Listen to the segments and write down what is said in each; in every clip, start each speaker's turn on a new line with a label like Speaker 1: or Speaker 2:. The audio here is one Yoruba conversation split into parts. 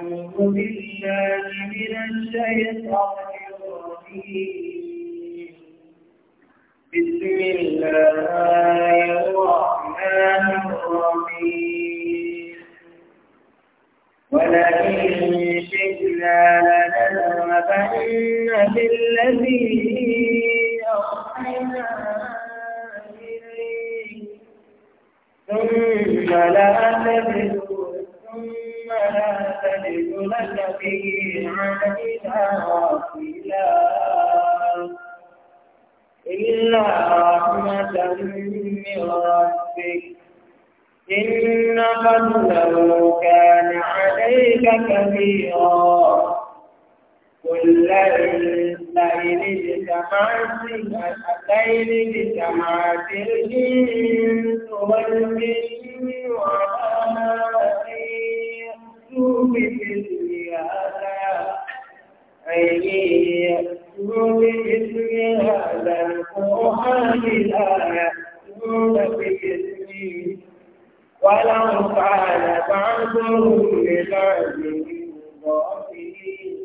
Speaker 1: أعوذ بالله من الشيطان بسم الله الرحمن الرحيم ولئن شئنا لنذهبن بالذي أوحينا إليه ثم لا تبدل تجد الذين عليها إلا رحمة من ربك إن فضله كان عليك كبيرا كل إنسان بتماثل أتين بتماثل الإنس والجن والآخر بمثل هذا أن يأتوا بمثل هذا القرآن لا يأتون بمثله ولو كان بعضهم لبعض ظاهرين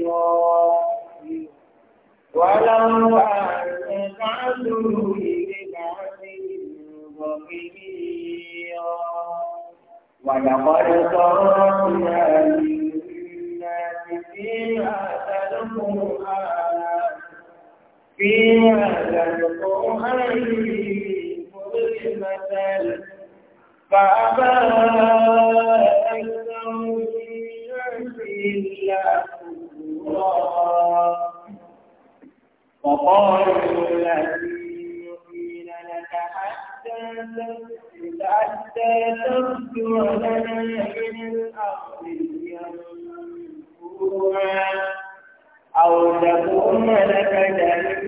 Speaker 1: ولو كان بعضهم لبعض ظاهرين ولقد صرفنا للناس في هذا القرآن في هذا القرآن كل مثل فأبى أكثر الناس إلا كفورا وقالوا لن نؤمن لك حتى حتى تبدو لنا من الأرض ينبوعا أو تكون لك جنة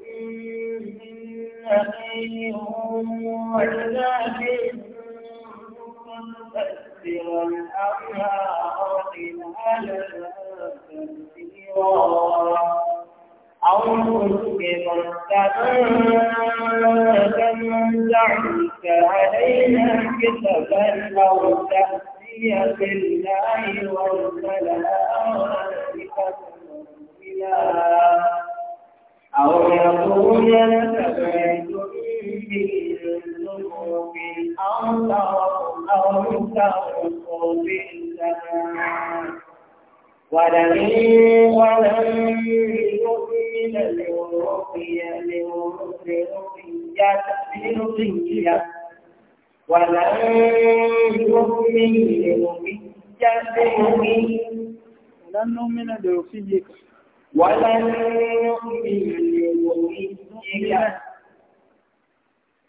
Speaker 1: من نخيل وعناب تسبغ الأنهار خلالها تسبيرا أو ترى أو ترى ولمن ولم يؤمن لرقية لرقية ولم يؤمن لرقية ولن نؤمن لرقيك ولن نؤمن لرقيك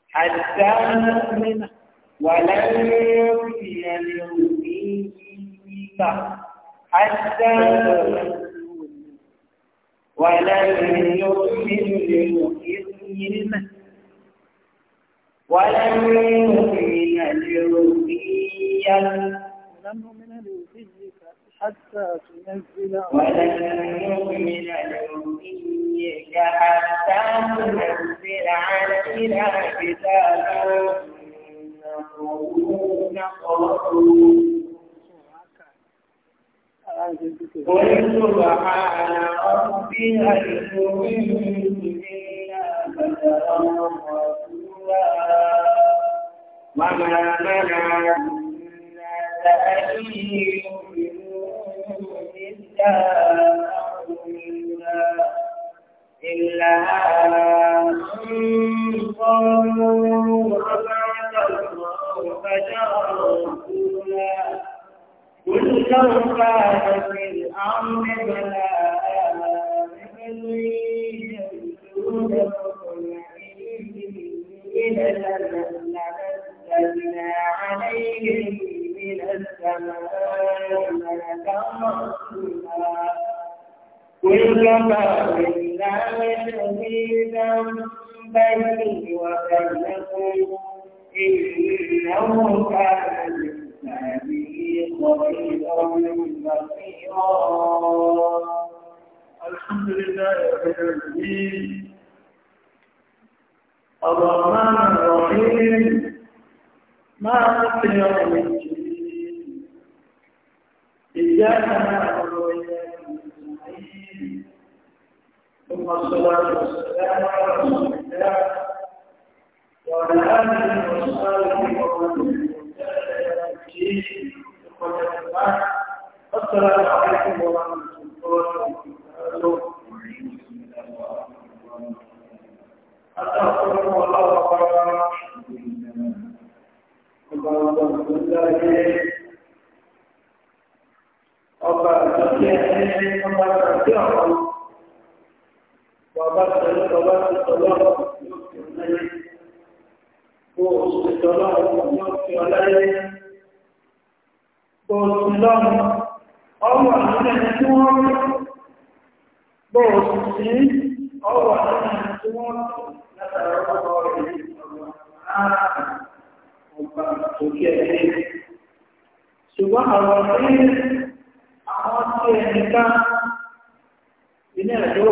Speaker 1: حتى نؤمن ولن نؤمن لرقيك حتى ولن يؤمن لمؤمن ولن يؤمن لرقيا ولن
Speaker 2: يؤمن لرقيك حتى تنزل ولن يؤمن
Speaker 1: لرقيك حتى تنزل علينا كتابا نقول نقرؤه قل سبحان ربي هل كنت إلا بشرا رسولا وما منع الناس أن يؤمنوا إلا إلا أن قالوا أبعث الله بشرا رسولا لو كان في الأمر بلاء إلى عليهم من السماء ملكا رسولا قل كفى بالله شهيدا بيني وبينكم إنه كان الحمد لله رب العالمين الرحمن الرحيم مالك يوم الدين إياك نعبد وإياك نستعين ثم الصلاة والسلام على رسول الله وعلى آله وصحبه ومن المسيح إخوة الإيمان السلام عليكم ورحمة الله وبركاته أستغفر الله وبركاته اللهم صل على ọba àtúnṣe ẹni ọba àti ọ̀rọ̀ bàbá tẹ̀lé bàbá ti tọ́lọ́ yóò fi ọ̀láyé kó o sì tọ́lọ́ yóò fi ọ̀láyé. bọ̀ọ̀sù lọ́nà ọwọ́ àwọn ẹni tí wọ́n rí bọ̀ọ̀sù sí ọwọ́ àwọn ẹni tí wọ́n rí látàrí ọwọ́ rẹ̀ ọgbà òkè ẹ̀rẹ́ ṣùgbọ́n àwọn ọ̀rẹ́ àwọn tí ẹni ká ilé ẹ̀jọ́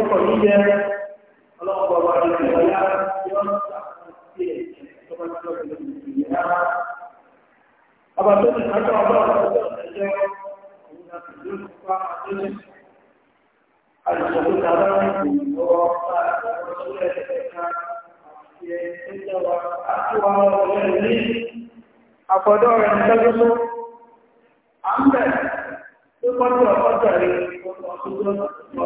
Speaker 1: أبدا حتى الله الجهود هذا هو أفضل أن تجلسوا عمدا يقول أفضل أن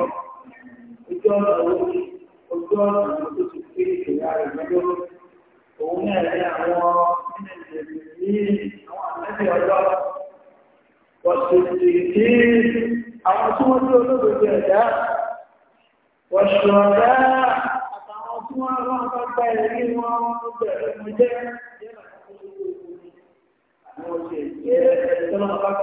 Speaker 1: ìjọ ojú ọ̀nà tó ti fi ìyá rẹ̀ lọ́dọ́ òun náà ní àwọn nínú ìrẹ̀lẹ̀ yìí ànábì ọjọ́ wọ̀sùtì kí àwọn tí wọ́n tí olóògbé ẹ̀dá wọ̀sù ọ̀dá àtàwọn tí wọ́n rán pápá ẹ̀rí wọn bẹ̀rẹ̀ mú jẹ́ àwọn ṣe jẹ́ ẹ̀sọ́nà wọn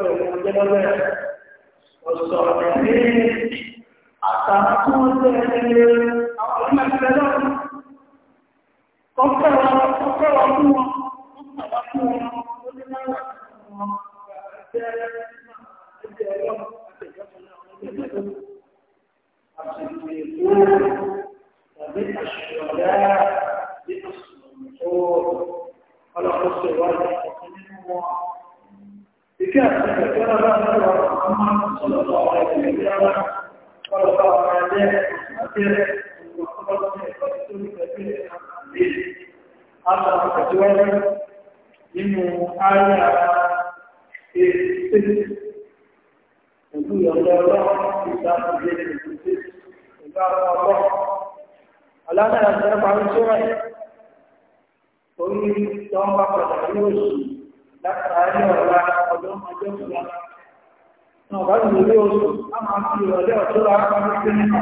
Speaker 1: nínú ayé ara pẹ̀lú ìyọ̀dọ̀ ọlọ́run ti sáàtúndé pẹ̀lú àwọn ọlọ́run. Aláàdá ìṣẹ́ parí sọ́rọ̀ ẹ̀. Orí tó ń bá padà ní oṣù látàrí ọ̀la ọdún ọjọ́ ìgbà. Náà bá lè lórí oṣù, a máa fi ìrọ̀lẹ́ ọ̀tọ́ ra parí nínú.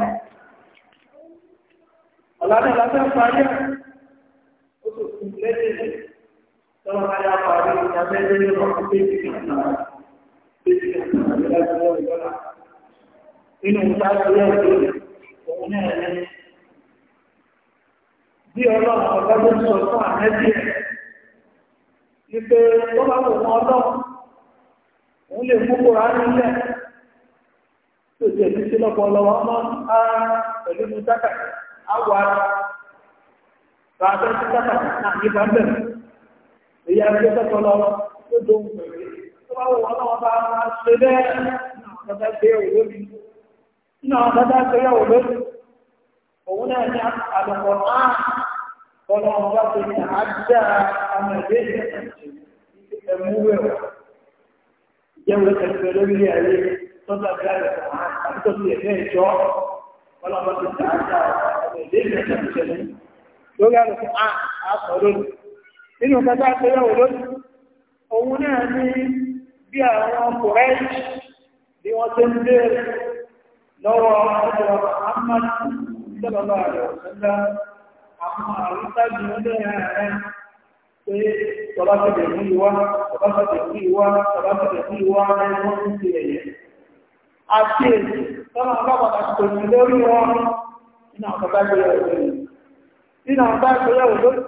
Speaker 1: Kalau ada apa ini, saya jadi orang Ini usaha dia itu, punya ini. Dia Allah akan sesuatu dia. Itu orang orang òun lè mú kóra nílẹ̀ tó ti ẹ̀sí sí lọ́pọ̀lọpọ̀ ọmọ ara pẹ̀lú mú sákàtà àwọ̀ ara tààtà sí sákàtà náà nípa bẹ̀rẹ̀ ẹgbẹ́sẹ̀tọ̀ lọ tó dóhun pẹ̀lú tó bá wọ́n náà bá ṣe bẹ́ẹ̀ náà bá ṣe òwò lórí náà bá ṣe òwò lórí òun náà ní àlùkọ̀ náà kọ́nà ọba tó ní àádá àmọ̀ ìdí ẹ̀múwẹ̀ ìjẹ́wò ẹ̀kẹ́ lórí ayé tó bá bí àlùkọ̀ náà àti tó ti ẹ̀fẹ́ ìjọ kọ́nà ọba tó ní àádá àmọ̀ ìdí ẹ̀múwẹ̀ lórí àlùkọ̀ náà àtọ̀ lónìí nínú kẹta àpẹẹrẹ òlóòtú òun náà ní bí àwọn kòrẹ́ẹ̀tì bí wọ́n tó ń bèèrè lọ́wọ́ ọjọ́ Muhammad sọ́lọ́lọ́ àrẹ̀ọ̀sọ́lá àwọn àrùsájú ọdún ẹ̀rẹ́ pé tọ́lọ́sọ̀dẹ̀ ní ìwá tọ́lọ́sọ̀dẹ̀ ní ìwá tọ́lọ́sọ̀dẹ̀ ní ìwá ẹni wọ́n ń ti ẹ̀yẹ àti èsì tọ́lọ́ ọlọ́pàá tòun lórí wọn nínú àwọn bá gbéyàwó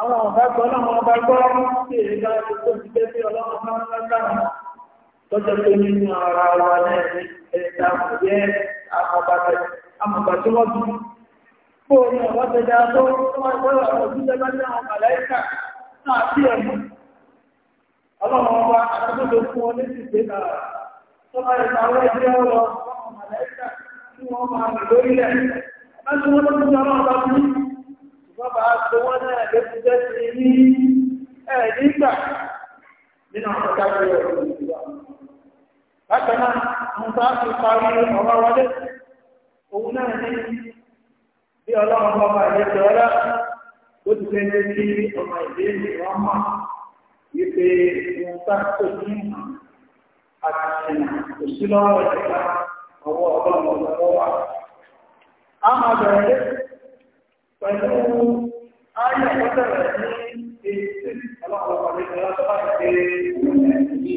Speaker 1: àwọn ọ̀gá gbọ́ láwọn ọba gbọ́ sí ìrìnlá ìgbó ti gbé sí ọlọ́run máa ń lágbàmù tọ́jọ́ tó nínú ara wa náà ní ẹ̀dà ìyẹ́ amọ̀gbà tí wọ́n bí kó ní ọ̀wọ́ tẹja tó wọ́n gbọ́dọ̀ àwọn òṣìṣẹ́ bá ní àwọn màláìkà náà sí ẹ̀mú ọlọ́run ọba àtúntò fún wọn létí pé náà tó bá yẹ káwọ́ ẹgbẹ́ ọlọ́ àwọn màláìkà tí wọ́n máa lórílẹ̀ láti wọ́n lọ́dún wọ́n bá tó wọ́n náà lé fún jẹ́sí ní ẹ̀ẹ́dígbà nínú àwọn ọ̀gá ìwé ọ̀rọ̀ ìjọba. Bákan náà, bá fi parí ọ̀rọ̀ wọlé, òun náà ní bí ọlọ́run ọba ọlá ó ti fẹ́ lé sí ọmọ wọn mọ̀ wípé wọn bá tó ní àti ìjọba ọwọ́ ọlọ́run A máa bẹ̀rẹ̀ pẹ̀lú ayé àkọsẹ̀rẹ̀ ní èyí ọlọ́pàá pàdé ìjọba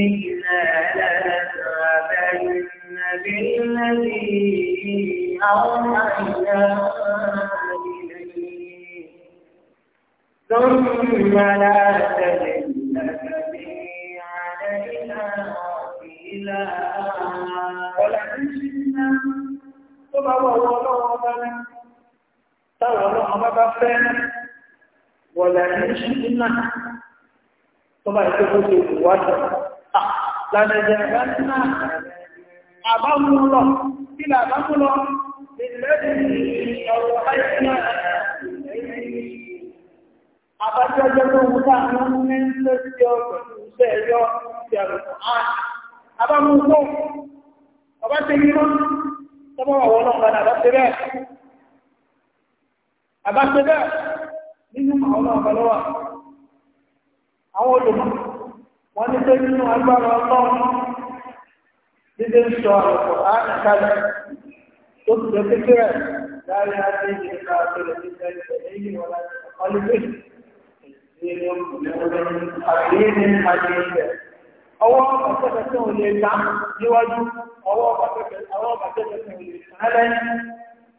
Speaker 1: إِنَّا لَنَسْتَعْجِلُ بِالَّذِي أَوْحَيْنَا إِلَيْكَ fẹ́ wọ̀lá ní ṣíkínà tó bá ìpé kó ṣe ìwádọ̀. Lànàjẹ̀ ẹ̀rẹ́ náà àbámúlọ̀ kí làbámúlọ̀ Àbájọ́jọ́ tó wù láàrin ní ṣe tí ọ pẹ̀lú iṣẹ́ ẹ̀yọ́ ti àrùkù ààrùn. Àbámú tó, ọba àbáṣe bẹ́ẹ̀ nínú àwọn ọ̀bọ̀lọ́wà àwọn olùmọ̀ wọ́n ní pé nínú agbára ọlọ́run dídé ń sọ àrọ̀pọ̀ àákàlẹ̀ tó ti lè pé kírẹ̀ láàrin àti ìjìnká àtẹ̀lẹ̀ ní ẹgbẹ̀rẹ̀ èyí wọ́n láti ọlẹ́gbẹ̀ ọwọ́ ọ̀pọ̀tẹ̀tẹ̀ ò lè ta níwájú ọwọ́ ọ̀pọ̀tẹ̀tẹ̀ ò lè ta lẹ́yìn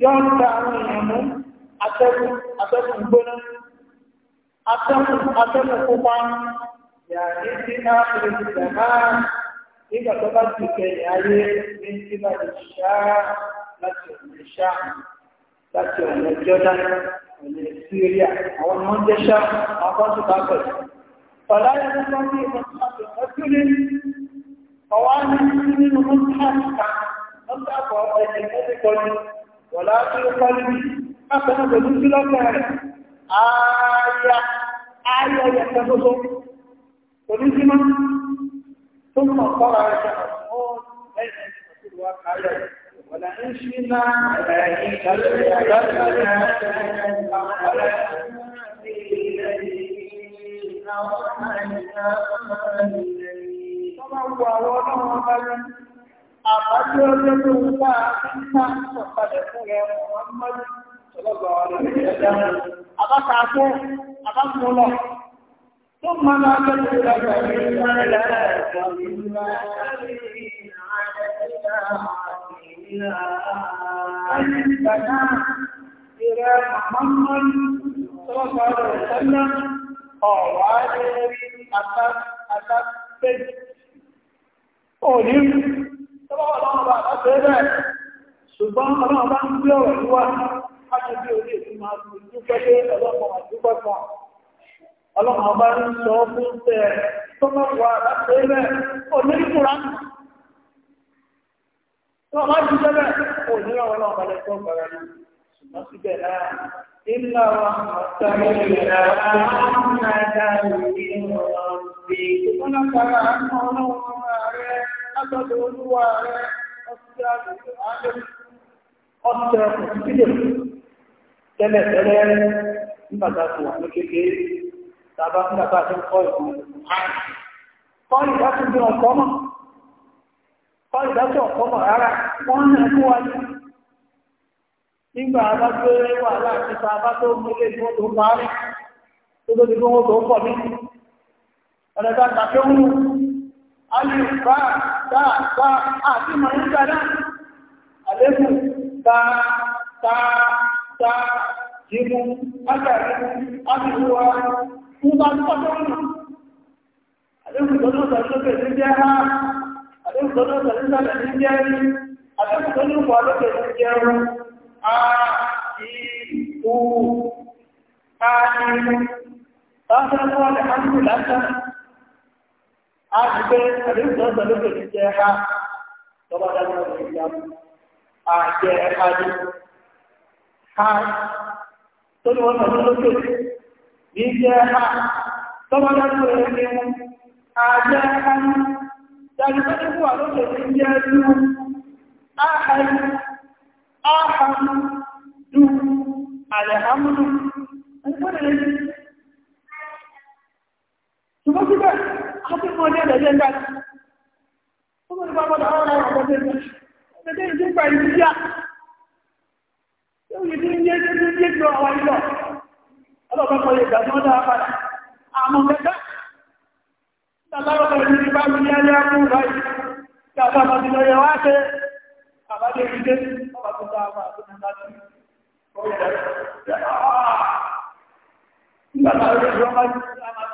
Speaker 1: yóò ń ta àwọn èèyàn mú atẹ́kùn atẹ́kùn gbóná atẹ́kùn atẹ́kùn pupa yàrá tí a fi lè máa nígbà tó bá ti kẹyìn ayé ní tí bá lè ṣá láti ọ̀nà ṣá láti ọ̀nà jọ́dá ọ̀nà síríà àwọn ọmọ jẹ́ àwọn kan bá bẹ̀rẹ̀. Fọláyé ló sọ bí ìmọ̀tàkì ọdún ní ọwọ́ á ní nínú mọ́tàkì kan lọ́sàkọ̀ ẹ̀sìn mẹ́sìkọ́ ni wọ̀lá tí ó kọ́lù bí kápẹ́nà pẹ̀lú sí lọ́pẹ́ rẹ̀ ààyà ààyà yẹ̀kẹ́ tó tó pẹ̀lú sí mọ́ tó mọ̀ kọ́ra rẹ̀ sọ̀rọ̀ mọ́ lẹ́yìn ìṣẹ̀lú wa káyà wọ̀lá ń ṣí náà ẹ̀yìn ìṣẹ̀lú Tọ́bá wù àwọn ọlọ́run ọba yẹn àbájú ọjọ́ tó ń bá nígbà sọ̀kalẹ̀ fún rẹ̀ wọ́n mọ́lú sọlọ́gbọ̀ ọ̀rẹ́ rẹ̀ dáhùn. Àbákaṣẹ́ àbámúlọ̀ tó máa máa bẹ̀rẹ̀ lọ́gbà ní ìlànà ìgbàlódé Àyíkàdá ìrẹ́ Mọ̀mọ́n sọ́gbà rẹ̀ sẹ́lẹ̀ ọ̀wá lórí àtàkùn. Òní tọ́wọ́ ọlọ́run bá bá fẹ́ bẹ́ẹ̀ ṣùgbọ́n ọlọ́run bá ń gbé ọ̀rọ̀ yíwá láti bí orí èsì máa fi dúpẹ́ pé ọlọ́run àdúpẹ́ kan ọlọ́run bá ń sọ fún tẹ tọ́wọ́ wà bá fẹ́ bẹ́ẹ̀ onírìkúra tọ́wọ́ bá ti bẹ́ẹ̀ onírọ̀ ọlọ́run bá lẹ́tọ́ gbàrà ní ṣùgbọ́n látọ̀dọ̀ olúwa rẹ ọ̀sẹ̀ àgbègbè àádọ́rin ọ̀sẹ̀ òkútílẹ̀ tẹ́lẹ̀tẹ́lẹ̀ nígbàtà kò wà ní kékeré tàbá nígbàtà tó kọ́ ìlú kọ́ ìdásí bí ọ̀kọ́ mọ̀ kọ́ ìdásí ọ̀kọ́ mọ̀ rárá ń wa ní nígbà wàhálà àti tàbá tó tó parí tó tó ti pọ̀ mí alìfà tààtà àti mọ̀rúndàdà àlébù tààtà jìmú agbàrí àbíwá fúnbà tọ́lọ́nà àlébù tọ́lọ́nà lókè ní jẹ́ ha àlébù tọ́lọ́nà lókè ní jẹ́ rí àlébù tọ́lọ́nà lókè ní jẹ́ rú a ìkú a ní tọ́lọ́nà lókè ní jẹ́ a ti gbé àdéhùn tó ń sọ lókè ní jẹ́ ha lọ́wọ́ dájú lọ́wọ́ ìjà àjẹ ẹ̀ka ní ha tó ní wọ́n sọ lókè ní jẹ́ ha lọ́wọ́ dájú lọ́wọ́ ìjà àjẹ ẹ̀ka ní dájú tó ní wà lókè ní jẹ́ ẹ̀dú áhàlú áhàlú dú àlẹ̀hámúlú ń pè é ṣùgbọ́n síbẹ̀ àti fún ọdún ẹ̀dẹ̀ ń dájú. Ó mọ̀ nípa ọmọdé àwọn ọmọ ọmọdé ń dájú. Ẹ̀dẹ̀ ìdí ìgbà ìlú yá. Yóò yìí ní yé ní yé jọ àwọn ìlọ. Ọlọ́pàá kọ lè gbàgbọ́ dáa padà. Àmọ́ mẹ́ta. Tàbárọ̀ kan ní bá mi yá yá fún báyìí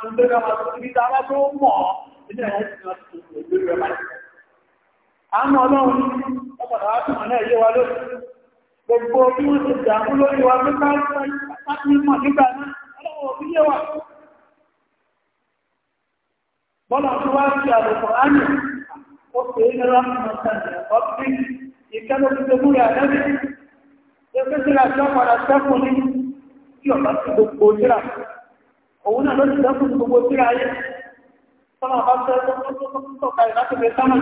Speaker 1: tún lórí ọmọ tó ti dá wá tó mọ̀ ilé ẹ̀ ti lọ sí ìlú rẹ̀ máa. àánú ọlọ́run ọpọlọ wá fún ọ̀nà ẹ̀yẹ wa lórí gbogbo bí wọ́n ti dààmú lórí wa pé ká ní mọ̀ nígbà náà ọlọ́wọ́ fi yé wa. bọ́lá tó wá sí àlùkò ánì ó pè é nira fún ọ̀sán ẹ̀kọ́ sí ìkẹ́lẹ́ tó ti mú òun náà ló ti dẹ́kun gbogbo síra ayé sọ́nà bá fẹ́ tọ́ka ìlàtí rẹ̀ sánà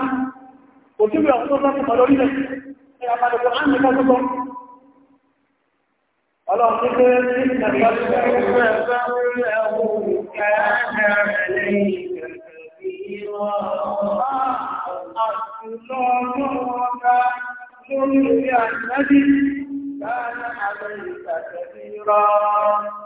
Speaker 1: kò sí ìrọ̀ tó sọ́nà mọ̀ lórí rẹ̀ ní àpàdùkù á ní kọ́tùkọ́ ọlọ́run ti gbé ní ìgbàgbọ́ Lórí ìrìn àjẹ́bí, láàrín àwọn ìgbàgbẹ̀ ìrọ̀.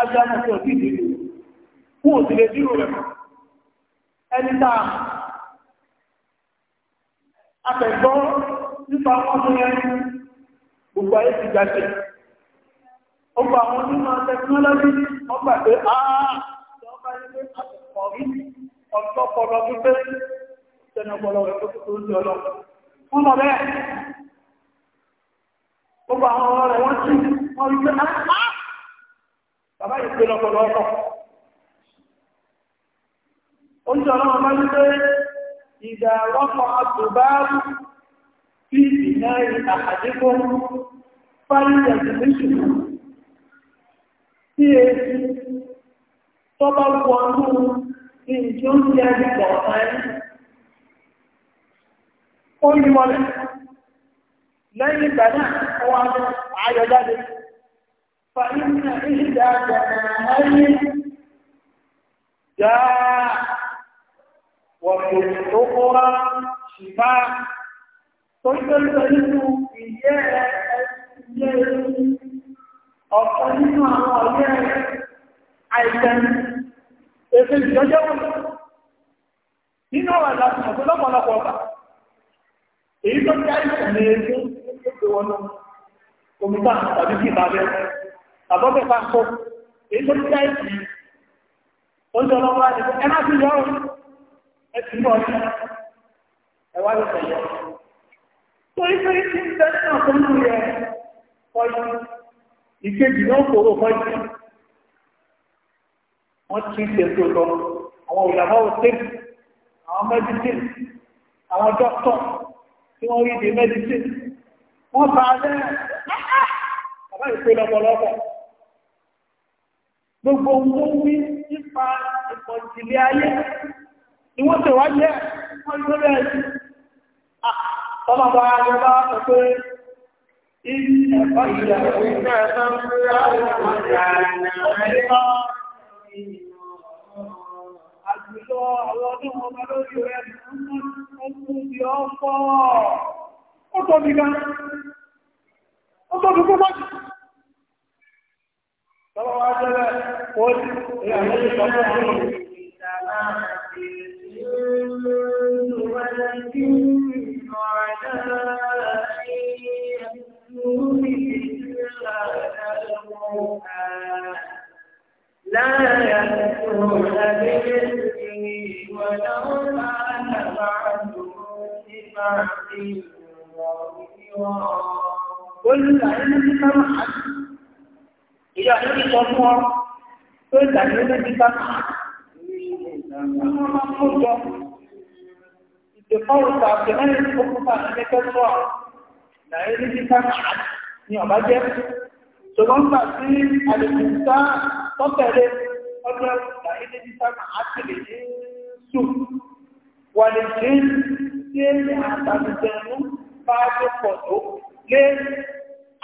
Speaker 1: ajá náà sí òtí ìdílé fún òtìlé dúró rẹ̀ ẹni táà afẹ̀gbọ́ nípa wọn tó yẹn gbogbo ayé ti gbàṣẹ ọgbà àwọn onímọ̀ tẹkinọ́lọ́jì ọgbà pé áá lọ́gbà ilé àtẹ̀kọ̀ rí ọ̀tọ́ pọlọ pípé tẹnu ọpọlọ rẹ̀ tó tó ń di ọlọ wọn lọ bẹ́ẹ̀ gbogbo àwọn ọ̀rọ̀ rẹ̀ wọ́n sì wọ́n rí pé áá bàbá yìí pé lọ́pọ̀lọpọ̀ oúnjẹ ọlọ́run bá ní pé ìdá rọ́pọ̀ àtùbáàrù bí ìná àkàdékò fáyẹ̀ ìdíṣù tí e tọ́bá wọnú ìjọ ń jẹ́ ẹgbẹ̀rẹ̀ ọ̀rẹ́ ó yí mọ́lẹ̀ lẹ́yìn ìgbà náà wọ́n ayọ̀ jáde فإن إحدى جناهين جاء وفي الأخرى شفاء ثم البريد إياه ọ̀pọ̀ nínú àwọn ọ̀rẹ́ àìsàn èsè ìjọjẹ́ wọn nínú ọ̀rọ̀ láti ọ̀pọ̀ ọ̀pá èyí tó jẹ́ àìsàn ní ẹgbẹ́ ìgbẹ̀wọ̀n omi tàbí kí ìbábẹ́ àbọ́bẹ̀ pàṣọ èyí tó dá ìsì oúnjẹ ọlọ́wọ́ láti ẹ má fi yọ ẹ ti mọ̀ ọ́ ẹ wá lọ́sẹ̀ yọ. torí pé kí n bẹ́ẹ̀ náà tó ń lu yẹ kọ́yí ìkejì náà kòrò kọ́yí. wọ́n ti ń tètè lọ àwọn òyàwó òtẹ́ àwọn mẹ́dísìn àwọn dókítọ̀ tí wọ́n rí di mẹ́dísìn wọ́n bá a lẹ́yìn bàbá ìpè lọ́pọ̀lọpọ̀ gbogbo mú wí nípa ìpọ̀jìlẹ̀ ayé ìwọ́n tẹ̀ wá jẹ́ Àjùlọ àwọn ọdún ọmọ lórí rẹ̀ ọdún bí ọ pọ̀. Ó tọ́ gan. Ó tọ́ bí tọ́wọ́ wá jẹ́lẹ̀ ó ní ìyàwó ìtọ́jú àwọn لا يكون بإذنه ولو كان بعضهم لبعض ظهيرا قل إن سمحت ìjọ àdúgbò sọ fún ọ tó ìtàgé ló ti bá wọn máa mú jọ ìdèkọ́rù tàbí ẹni tó kú fún àwọn ẹgbẹ́ tó wà láyé ní ti bá ní ọba jẹ́ ṣùgbọ́n gbà sí àlejò sá tọ́tẹ̀lé ọjọ́ láyé ní ti bá àti lè ní sùn wà lè ṣe tí èmi àtàlùjẹ̀nu bá tó pọ̀ tó lé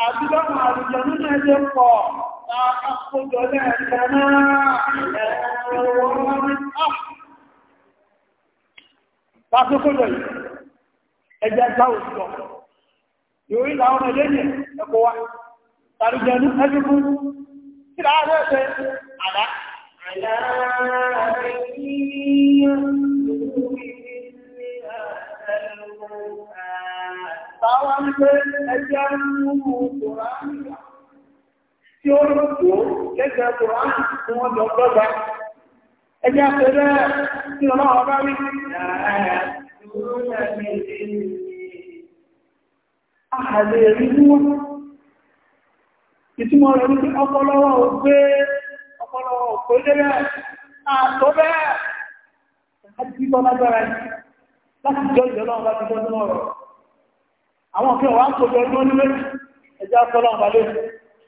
Speaker 1: àdúgbò àwọn àlùjẹ̀nu náà jẹ́ pọ̀ Tàbíkójọ yìí, ẹjẹ́ gbá òṣìṣọ́, yóò ìlà ọmọ ilé ní ẹ̀kọ́ wa, tàbí jẹnu ẹjú fún, kí láàárẹ́ ẹ̀ṣẹ́ àdá. Àdá rẹ̀ kí yóò tí ó lò tí wọ́n jọ gbọ́gbà. Ẹjẹ́ àpẹẹrẹ tí ọlọ́wọ́ bá rí. rí mú wọn. Ìtumọ̀ rẹ̀ ní ọpọlọwọ́ ò gbé ọpọlọwọ́ ò pé lẹ́rẹ̀ àtọ́ bẹ́ẹ̀. yìí, láti jọ ìjọlọ́wọ́ bá ti gbọ́dún ọ̀rọ̀. Àwọn jọ ọdún ọdún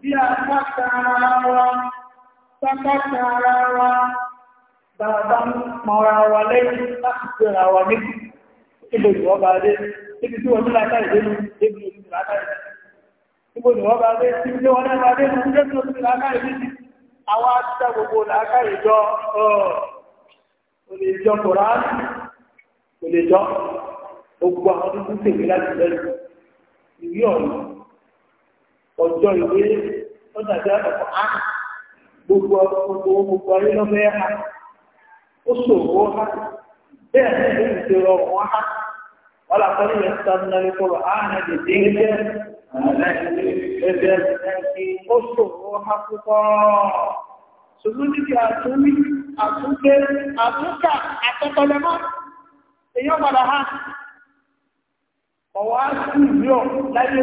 Speaker 1: bí àpáta ara wa sápáta ara wa bàbá ń pọnra wa lẹ́yìn láti pẹ̀ra wa méjì níbo ni wọ́n bá dé níbi tí wọ́n ní látà ìdénú débi oṣù látà ìdénú níbo ni wọ́n bá dé tí ilé wọn náà bá dé ní débi látà ìdénú àwọn àtúntà gbogbo látà ìjọ àwọn tuntun ọjọ́ ìwé lọ́dà tí a á gbogbo gbogbo gbogbo ayé lọ́fẹ́ ha ó ṣòwò ha ah, bẹ́ẹ̀ ha ah, ah. wọ́n làkọ́ ní sáà kọ́rọ̀ á ẹgbẹ́ ẹgbẹ́ ó ṣòwò ha púpọ̀ ṣùgbọ́n àtúnké àtọ́tọ́lẹ́mọ́ ha ọ̀wọ́ á láyé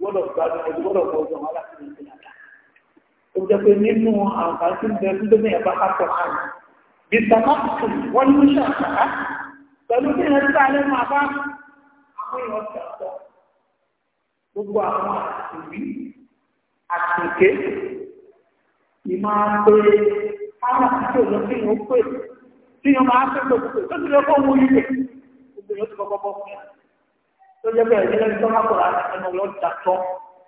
Speaker 1: gbọ́dọ̀ gbádùn ẹ̀jú gbọ́dọ̀ gbọ́dọ̀ wọn láti ní ìpínlẹ̀ àdá. ó jẹ́ pé nínú àǹfààní tí ń bẹ fún lómi ẹ̀bá kápọ̀ àrùn. bí sàmá wọn ní oṣù àṣàrá pẹ̀lú bí ẹni tá a lẹ́nu àbá àwọn èèyàn ti àpọ̀. gbogbo àwọn àtìwí àtìké ìmọ̀ pé àwọn tó jẹ́ bẹ́ẹ̀ nílẹ̀ tó má kọ̀ra ẹnu lọ́jà tọ́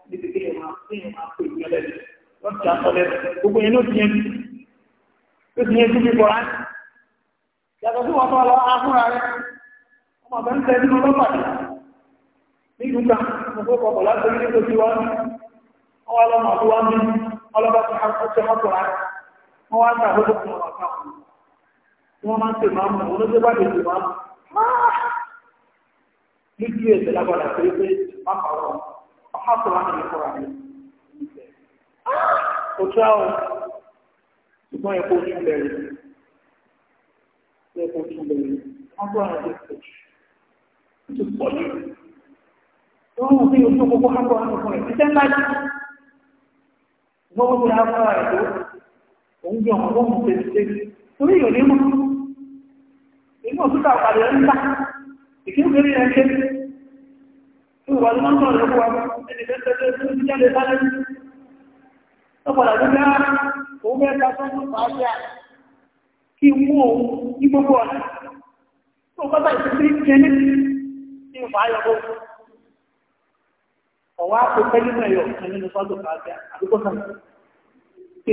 Speaker 1: níbi tí èèyàn máa tí èèyàn máa pè ní ẹlẹ́dẹ̀ lọ́jà tọ́ lẹ́nu gbogbo yẹn ló tiẹ̀ ló tiẹ̀ tó fi kọ̀ra yàtọ̀ sí wọn tó lọ ahúnra rẹ ọmọ bẹ́ẹ̀ ń tẹ́ nínú lọ́pàdé ní ìlú kan mo fẹ́ kọ̀ọ̀kọ̀ láti ní tó ti wọ́n wọ́n lọ́mọ àbúwá mi ọlọ́ba ti ṣe mọ́kọ̀ra wọ́n wá wọ́n máa ń tè máa níbi èdè lágbàdà pé pé má pàrọ̀ ọ̀pá tó wà nílé fúnra mi. Ó tún àwọn ṣùgbọ́n ẹ̀kọ́ oṣù bẹ̀rẹ̀. Ẹ̀kọ́ oṣù bẹ̀rẹ̀. Wọ́n tó àwọn ẹ̀kọ́ oṣù. Ó ti pọ̀ jù. Wọ́n mú sí ojú gbogbo hápọ̀ àwọn ọkùnrin ẹ̀ títẹ́ ńlá ní afárá ẹ̀ tó òun ìkéwèrè ẹgbẹ́ tó wà ní mọ́tò rẹ̀ wà ẹni tẹ́tẹ́ tó ti jáde sáré lọ́pàá tó bá òun bẹ́ẹ̀ ta sọ́nù pàápàá kí mú òun ní gbogbo ọ̀nà tó bọ́tà ìsinmi kẹ́lí ní ìfàyọ̀kọ́ ọ̀wá kò tẹ́lí mọ̀ ẹ̀yọ̀ kan nínú sọ́dọ̀ pàápàá àdúgbò kan kí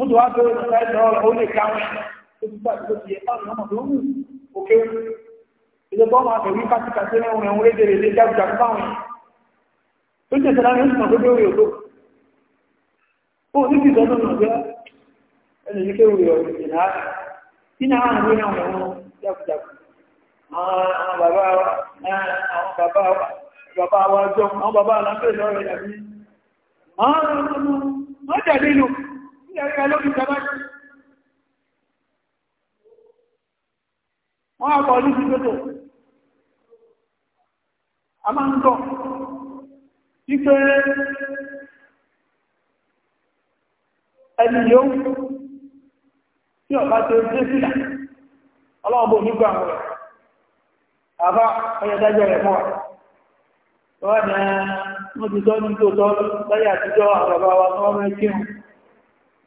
Speaker 1: wọ́n tó wá tó ẹ̀dọ́ ó lè káwọn tó ti tó ti yẹ ọmọ tó wù òkè ìjọba ọmọ àtẹ̀wé kásìkásí ẹ̀wọ̀n ẹ̀wọ̀n lédèrè lé jágùjágù fáwọn tó jẹ́ sẹ́lá ní ìsìnkà tó bẹ́rẹ̀ òdó ó ní kìí sọ́dọ̀ náà jẹ́ ẹni ní kéwì ọ̀rọ̀ ìrìnà tí náà wọ́n ní àwọn ẹ̀wọ̀n jágùjágù àwọn bàbá wa jọ àwọn bàbá aláfẹ́ lọ́rẹ̀ ẹ̀rẹ́ lórí ìjọba wọ́n àpọ̀ ní ti tótò a máa ń tọ́ títẹ́ ẹni yóò tí ọ̀pá tí ó dé sílá ọlọ́ọ̀bọ̀ nígbà àwọn àbá ọyọ̀dájọ́ rẹ̀ mọ́ wọ́n ni wọ́n ti tọ́ ní tó tọ́ àtijọ́ àwọn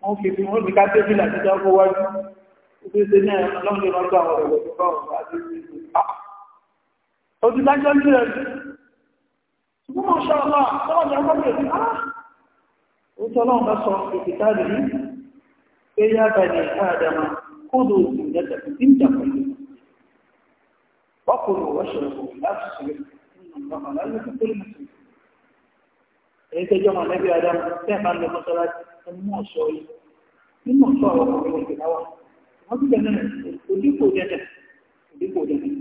Speaker 1: wọ́n fi fi wọ́n fi ká tẹ́bí láti jẹ́ ọkọ̀ wájú ìgbésẹ̀ náà lọ́nà ìrọ́gbà ọ̀rọ̀ ìwọ̀n tó bá ọ̀rọ̀ àti ìgbésẹ̀ ah! ó ti dájọ́ ní rẹ̀ ṣùgbọ́n mọ̀ ṣọ́ ọlọ́ ọlọ́dọ̀ ọgbọ́n rẹ̀ ó tọ́ lọ́n bá sọ ìpìtà rẹ̀ ní pé yá bẹ̀rẹ̀ àdàmà kódò òsì láti ṣe èyí tẹ́jọ́ mọ̀ lẹ́bí àdàmà tẹ́ẹ̀ lọ mọ́sálásí ẹmú ọ̀ṣọ́ yìí nínú ọ̀ṣọ́ àwọn ọkùnrin òkè náà wà wọ́n ti bẹ̀rẹ̀ òdìpò dẹ̀dẹ̀ òdìpò dẹ̀dẹ̀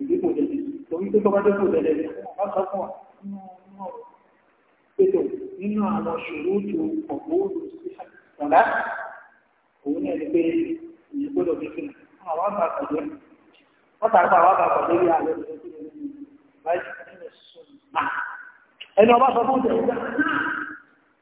Speaker 1: òdìpò dẹ̀dẹ̀ torí pé tọ́ba dẹ́kò dẹ̀dẹ̀ ni wọ́n sọ fún wa nínú pẹ̀tọ̀ nínú àwọn ṣòro ju ọ̀pọ̀ òòlù sí ṣàlá òun náà pé ìyẹn gbọ́dọ̀ fi àwọn àgbà pàdé wọ́n tàbí àwọn àgbà pàdé rí àlọ́ ẹni ọba sọ fún ìjẹ̀wọ́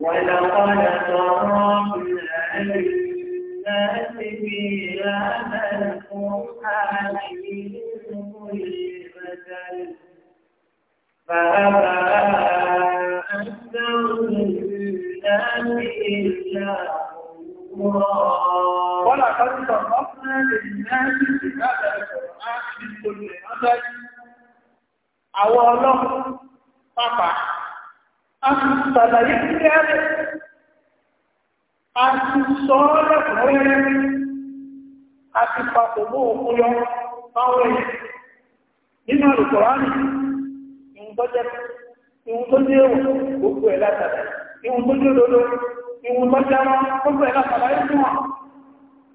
Speaker 1: ولقد صرفنا العلم في هذا القرآن من كل مثل فأبى أكثر الناس إلا ولقد صرفنا للناس في هذا القرآن من كل مثل اولهم طبعا a ti sàlàyé sí ààrẹ a ti sọ ọ́ lẹ́kùnrẹ́rẹ́ a ti papọ̀ mọ́ òkú yọ báwọn èèyàn nínú àlùkòránì ìhun tó jẹ́ ìhun tó jẹ́ òun gbogbo ẹ̀ látàlá ìhun tó jẹ́ lọ́dọ́ ìhun tó jẹ́ wọn gbogbo ẹ̀ látàlá yìí fún wọn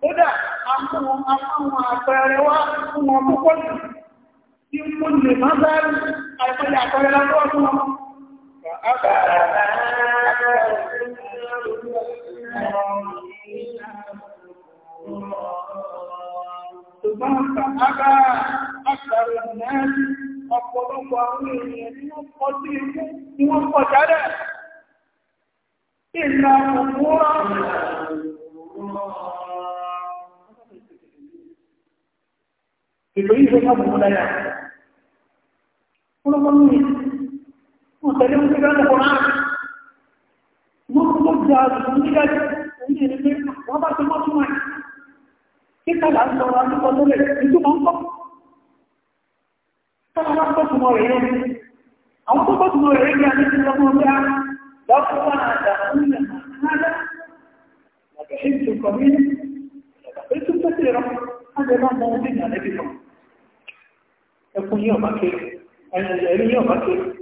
Speaker 1: kódà àwọn àwọn àpẹẹrẹ wá fún wọn púpọ̀ jù tí mo lè má bẹ́ẹ̀rù àìpẹ́lẹ̀ àpẹẹrẹ lọ́wọ́ fún wọn Ṣùgbọ́n àbá àṣàrò náà ọ̀pọ̀lọpọ̀ àwọn ènìyàn ni wọ́n kọ́ sí ikú ni wọ́n kọ̀ jálẹ̀. Ìlà òmúra ìlú ìlú ọmọ ìlú láyà. Wọ́n lọ́pọ̀ lórí وسلم كده القرآن نطلب جهاز عندك عندي وضع ما سمع كيف الآن القرآن تقول لك أنت منطق ترى ما تسمع يعني أو تسمع يعني يعني تسمع يعني دخلنا دخلنا هذا لبحثت قليلا لبحثت كثيرا هذا ما موجودنا لكم يكون يوم أكيد أنا اليوم أكيد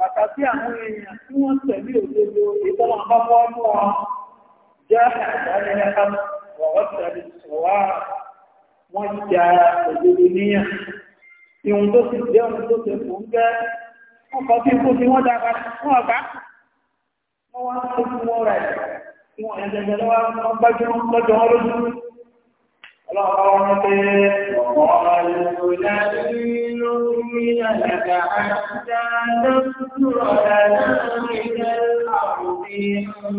Speaker 1: Bàtà sí àwọn èèyàn tí wọ́n tẹ̀lé òdodo ìtọ́lọ̀ bá fọ́ mọ́ ọ jẹ́ àdáyé ẹ̀ka wọ̀wọ́ tẹ̀lé sọ̀wá wọ́n ja òdodo níyàn. Ìhun tó ti jẹ́ ohun tó ti fún jẹ́ wọ́n kọ́ sí ikú tí wọ́n dára fún ọ̀gá. Wọ́n wá ń tó fún wọn rẹ̀ wọ́n ẹ̀jẹ̀ lọ́wọ́ wọn gbájú lọ́jọ́ wọn Ọlọ́run pé ọ̀rọ̀ ìlú ìlànà àti àdáńdọ́ rọ̀dà láàrin ilẹ̀ àwòrán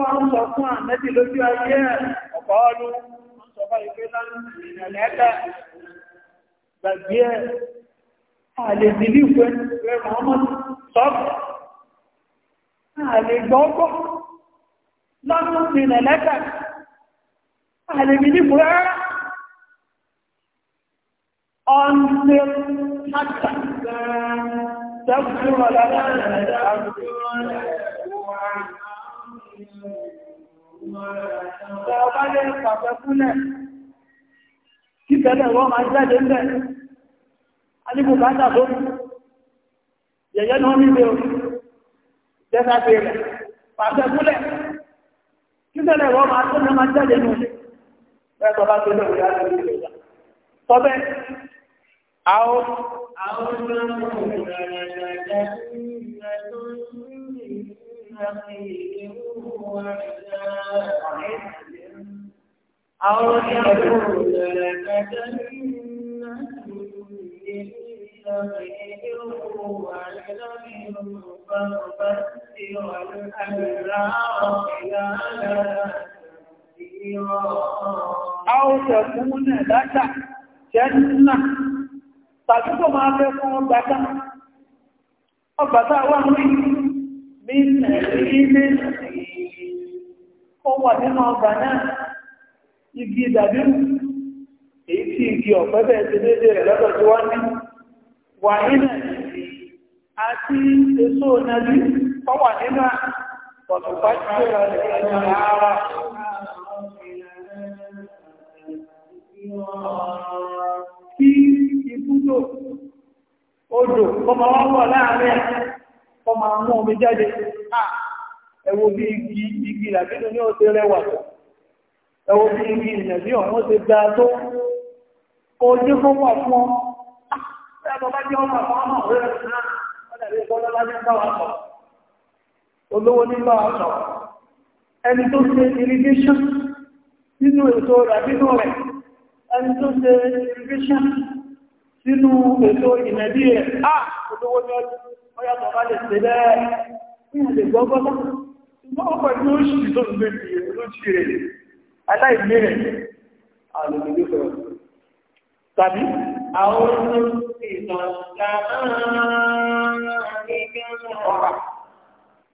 Speaker 1: Wọ́n sọ fún àmẹ́bì lójú ayé ọ̀pọ̀ ọdún, wọ́n sọ bá ìgbé àlèmì ní fún rárá ọ̀nà àtà tẹ́kùnrọ̀ lára Ọba lè pàpẹ fúnlẹ̀, kí tẹ́lẹ̀ wọ́n máa jáde ń bẹ̀, a ní bùkátà tó rí, yẹ̀yẹ́ náà nílé orí, jẹ́ta fèrè, pàpẹ fúnlẹ̀, kí tẹ́lẹ̀ wọ́n máa tó mẹ́ máa jáde ní bẹ́ẹ̀ bá tó lè láti lè gbà. Tọ́bẹ̀ àwọn àwọn Àwọn ọ̀dọ́ ìrọ̀lẹ́ kẹta ní ìrìnàjò ìrìnàjò ìrìnàjò a ó tẹ̀kún náà dáta tàbí máa fẹ́ fún ọgbàtà ọgbàtà wà ní mílẹ̀ ilé ó wà nínú ọgbà náà igi ìdàbí èyí tí igi ọ̀pẹ́ bẹ̀ẹ́ ti dédé rẹ̀ lọ́dọ̀ tí wọ́n ní wà nínú àti èso ọwà nínú kí ibùdó odò kọmọ wá wọ̀ láàrin kọmọ mú omi jáde ẹwọ bí igi igi làbínú ní ọ̀tẹ́ rẹwà ẹwọ bí igi ìyàbí ọ̀wọ́n ti dá tó kò ní fọ́pọ̀ fún ọ Olówó nígbà ọ̀sọ̀, ẹni tó ṣe irrigation nínú ètò rẹ̀ nínú rẹ̀, ẹni tó ṣe irrigation sínú ètò ìnẹ̀bí ẹ̀ ah olówó ní ọyá bàbá lè ṣe bẹ́ẹ̀ ìyẹn lè gbọ́gbọ́gbọ́ ṣùgbọ́n ọkọ̀ tí ó ṣì tó ń gbé ti olóṣì rẹ̀ aláìmírẹ̀ alòmìnir fẹ́ tàbí àwọn ohun ìtàn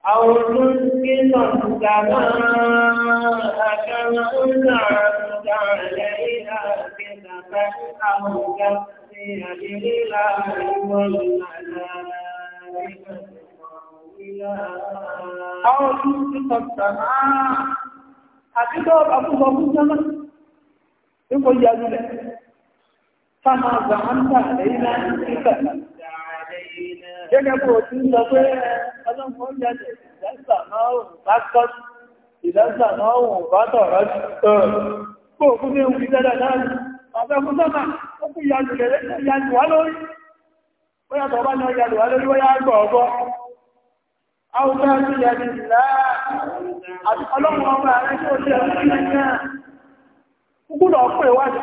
Speaker 1: أو نسكن السماء كما أنعمت عليها بسفر أو كفي بالله والملائكة أو نسكن السماء أكيد أبو بابو سما يقول يا زلمة فما زعمت علينا بسفر علينا جنبوا تنسى ọlọ́run jáde ìdáṣà náà ò bá tọ́jú ìdáṣà náà ò bá tọ̀rọ̀ jù kó òkú ní ohun ìdẹ́dẹ̀ náà ọ̀fẹ́ fún sọ́mà ó kú ìyàjù lẹ́lẹ́ ìyàjù wá lórí bóyá tọ́ bá ní ìyàjù wá lórí bóyá gbọ̀ ọgbọ́ àwọn ọmọ ẹni ìyàjù láà àti ọlọ́run ọmọ ààrẹ tó ṣe ẹ̀rọ ní nàìjíríà gbúdọ̀ ọ̀pọ̀ ìwádìí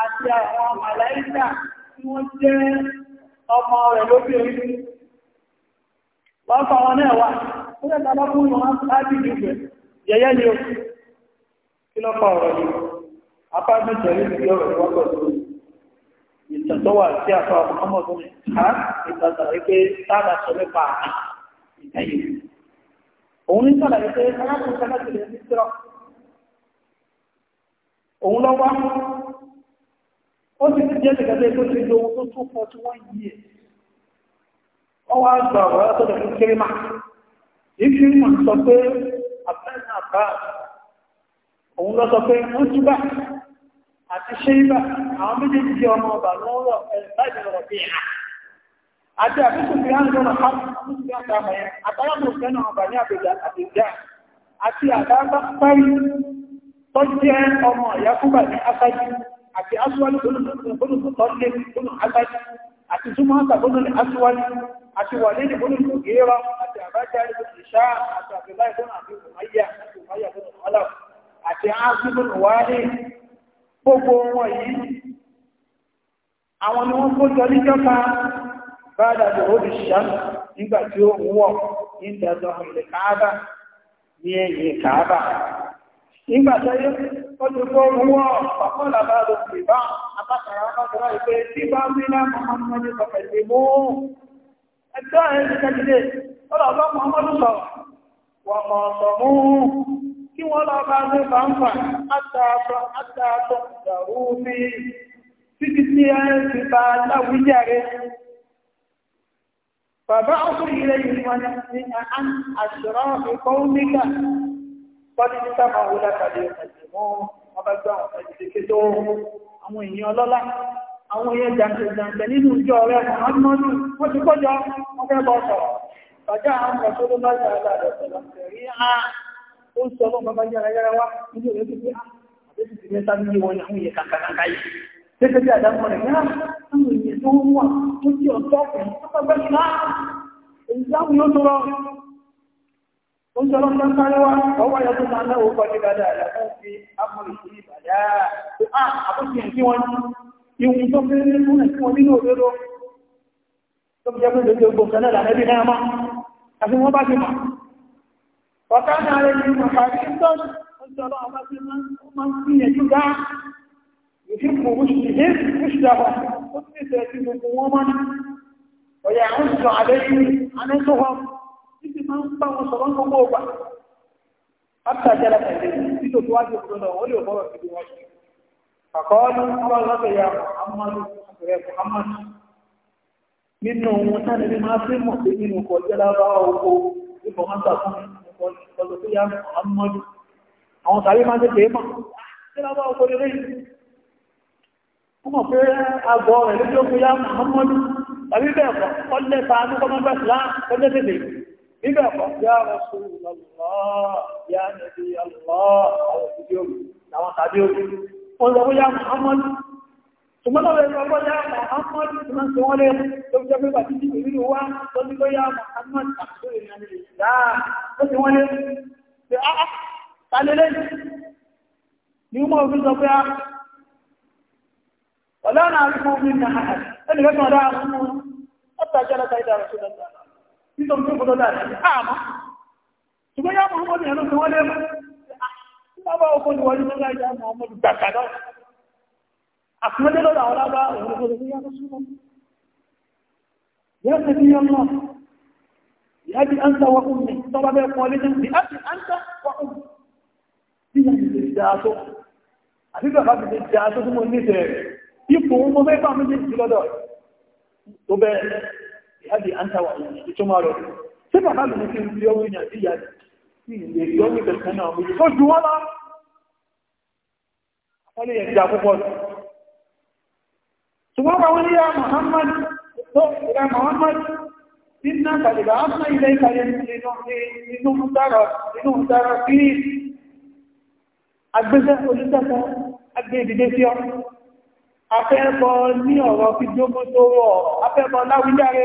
Speaker 1: àti àwọn màláìkà tí wọ́n jẹ́ ọmọ rẹ̀ lóbìnrin wọ́n fa wọn náà wà ó lẹ́ta lọ́kùnrin wọn láti ìgbẹ̀ yẹ̀yẹ́ ni ó kí lọ́ fa ọ̀rọ̀ yìí apájú tẹ̀lé ti ọ̀rọ̀ ìwọ́pọ̀ tó ìtàn tó wà sí àfà ọmọdún ká ìtàn tàbí sáàdà sọ nípa ìtẹ̀yìn òun ní sàlàyé pé alákùnrin ti lè ní sírọ̀ òun lọ́wọ́ ó ti ti jẹ́ ìgbàgbé tó ti lo ohun tó pọ̀ tí wọ́n yí ẹ̀ ọ wá gba ọ̀rọ̀ látọ̀dọ̀ ní kírímà ìkírímà sọ pé àbẹ́nà àbá òun lọ sọ pé wọ́n túbà àti ṣéyíbà àwọn méjèèjì jẹ́ ọmọ ọba lọ́rọ̀ láìsí àti aṣíwájú olùkọ́lé olùkágbájú àti súnmọ́ta bọ́nà aṣíwájú àti wà lẹ́nì olùkọ́ gẹ́rọ àti àbájáre ìṣá àti àbíláì bọ́nà àti òmáyà àti nígbà tí ó ìdájọ́ ilẹ̀ olùkọ́ wọ́ pàkọ́lá bá lọ sí bá apákàrà apákàrà ìpé tí bá ń rí láàmú ọmọ ní sọ pẹ̀lú mú ẹjọ́ ẹ̀ ti kẹ́kìdé ọlọ́ bá mọ́ ọmọdún sọ wọ́n mọ̀ sọ mú kí wọ́n lọ bá ní bá ń fà átàtọ̀ átàtọ̀ ìdàrú bí títí tí ẹ ti bá láwùjáre bàbá ọkùnrin ilẹ̀ yìí wọn ni àṣírọ́ ìkọ́ nígbà wọ́n ti sábà wúlá kàdé ẹ̀jẹ̀ wọ́n àwọn èèyàn ọlọ́lá àwọn èèyàn jàǹtẹ̀jàǹtẹ̀ nínú ìjọ rẹ̀ Muhammadu wọ́n ti kọjọ wọ́n fẹ́ bọ́ sọ̀rọ̀ bàjá àwọn ọ̀ṣọ́ ló bá jẹ́ àgbà àdọ̀sọ̀rọ̀ Oúnjẹ́ ọlọ́pàá sáré wá, ọwọ́ yẹ tó máa lẹ́wọ́ kọ́ ní dáadáa yàtọ̀ sí amúlì sí ìbàdá. À àbúkì tí wọ́n ní ìwọ̀n tó fẹ́ ní fún ẹ̀sìn wọn nínú òdodo. Tó fi jẹ́ pé lórí ogbò kan náà lẹ́bí náà máa. Àfi wọ́n bá ti mọ̀. Ọ̀ká náà rẹ̀ ní àkàrí ìtọ́jú. Oúnjẹ́ ọlọ́pàá ti máa ń gbìyànjú dá. Ìfipò oṣù títí máa ń bá wọn sọ̀rọ̀ gbogbo ọgbà látàjẹ́lá tẹ̀lé títò tó wájú ọdún náà wọ́n lè bọ́rọ̀ sí wọn sí àkọọ́lù wọn lọ́sẹ̀ ya Muhammadu rẹ̀ Muhammadu nínú ohun táni ní máa fi mọ̀ pé nínú kọjá lára oko ìbọn máa gbà fún ọjọ́ tó ya Muhammadu àwọn tàbí máa ń tètè mọ̀ sí lára oko lélẹ́ wọ́n mọ̀ pé àgọ́ rẹ̀ lójú ó fi ya Muhammadu tàbí bẹ́ẹ̀ kọ́ ọlẹ́ta ní kọ́mọ́gbẹ́sì láà ọlẹ́tẹ̀lẹ̀ nígbà kan Rasulullah yá Nabi Allah àwọn ìdí omi àwọn tàbí omi wọ́n lọ wọ́n yá Muhammad ṣùgbọ́n lọ́wọ́ ẹ̀rọ ọgbọ́n yá Muhammad tí wọ́n ti wọ́n lé tó fi jẹ́ pé bàtí ti ìlú wa tó ní kó yá Muhammad àti ìrìnàmì ìdá ó ti wọ́n ah, ah, ni wọ́n fi sọ pé á ah, ọ̀lá nítorí tó fọ́tọ́ dáadé àmá ṣùgbọ́n yá Muhammadu yẹn ló fi wọ́n lé mọ́ lábá ọkọ̀ ni wọ́n lé láyé Muhammadu gbàkàdá àtúndé lọ́dọ̀ àwọn lábá òun ló fi yàtọ̀ súnmọ́ yá ti fi yán náà yá ti á ń ta wọ́n mi tó bá bẹ́ẹ̀ pọ́n lé ní ti ìyáàdì àǹtà wà ní ìtumọ̀ rẹ̀ tí bàbá mi ní kí n fi ọwọ́ ìyàn sí ìyá sí ilé ìjọ ní ìbẹ̀rẹ̀ náà mo yìí tó ju wọn lọ wọn lè yẹn ti àkókò rẹ̀ ṣùgbọ́n bá wọn ní ya Muhammad tó ìyá Muhammad nínú àtàlẹ̀bà á fún ọ̀rọ̀ fi jókòó tó rọ̀ afẹ́bọ láwíjáre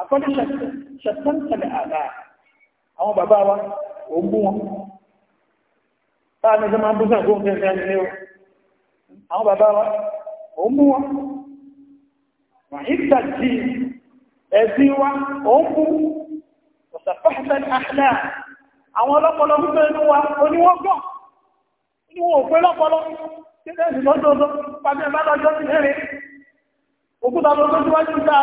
Speaker 1: àkọ́dé ṣẹ̀tẹ́ǹtẹ̀lẹ̀ àbá àwọn bàbá wa ò ń bú wọn táà ní ẹjọ́ máa ń bú sàn fún ẹgbẹ́ ẹni o àwọn bàbá wa ò ń bú wọn wọ́n ìgbà tí ẹ̀sí wa ò ń bú ọ̀sàfẹ́fẹ́ àṣẹ àwọn ọlọ́pọlọ ń fẹ́ inú wa oníwọ́gbọ̀n inú wọn ò pé lọ́pọlọ tí ẹ̀sìn lọ́dọọdọ pàtẹ́ bá sí lẹ́rẹ̀ẹ́ òkúta lọ́dọ́ síwájú sáà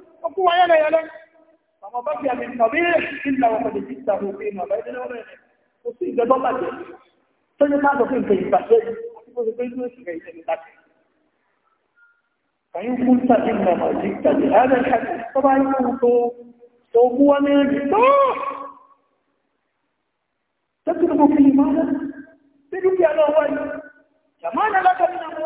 Speaker 1: ọkú wa yẹ́lẹ̀ yẹ́lẹ́ ọmọ bá fi àmì ìtàbí ìlà ọmọ lè fi ìtàbí òfin ìmọ̀ bá ìdílé ọmọ rẹ̀ kò sí ìjọba bàjẹ́ tó ní káàdọ̀ fún ìpè ìgbàjẹ́ àti bó ṣe pé inú ìṣẹ̀lẹ̀ ìṣẹ̀lẹ̀ láti. kàyín kú tàbí ìmọ̀ ọmọ ìdí tàbí ẹ̀rẹ́ ìṣẹ̀lẹ̀ tó bá yẹ kó tó tó mú wa ní ẹ̀jẹ̀ tó. fi ìmọ̀ rẹ̀ bí dúkìá náà wáyé jàmánà lákàtúntà mo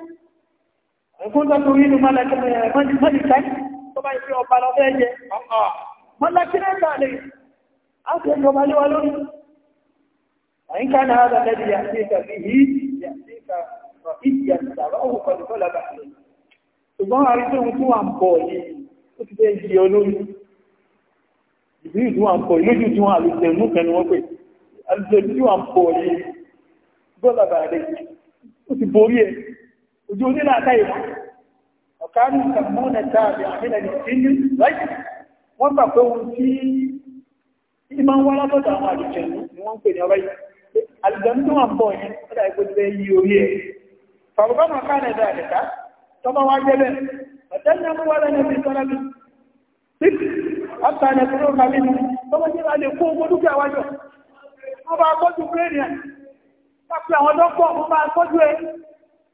Speaker 1: ẹ̀kún tó torí inú mọ́lẹ̀kẹ́ tó bá ìfẹ́ ọba lọ fẹ́ jẹ mọ́lẹ̀kẹ́ náà tààlẹ̀ àti ìjọba lé wa lórí àyíká náà rẹ̀ lẹ́dí yàtí ìkàrí yìí yàtí ìkàrí yàtí ìkàrí ọ̀hún kọ̀dù kọ́lá bàtàlẹ̀ ṣùgbọ́n àrí tó ń tún wà ń bọ̀ yìí ó ti fẹ́ yí olórí ìbí ìtún wà ń bọ̀ lójú tí wọ́n àlùfẹ́ mú kẹnu wọ́n pè àlùfẹ́ tí wà ń bọ̀ yìí gọ́lá bàtàlẹ̀ ojú onílà àtàyè ọ̀kánù sàmúnà tààbí àmìlẹ̀ ìsinmi láìsí wọ́n gbà pé ohun tí ìmọ̀ wọ́n látọ̀dọ̀ àwọn àlùjẹ̀nú ni wọ́n ń pè ní ọba yìí àlùjẹ̀nú tó wà ń bọ̀ yẹn ó dà ìpò ìbẹ̀ yí orí ẹ̀ fàbùkọ́ máa ká nàìjíríà àdìká tọ́mọ wá jẹ́ bẹ́ẹ̀ ọ̀tẹ́ ní ọmọ wọlé ní bá lè kó owó dúkìá wájọ wọ́n bá tọ́jú ẹ̀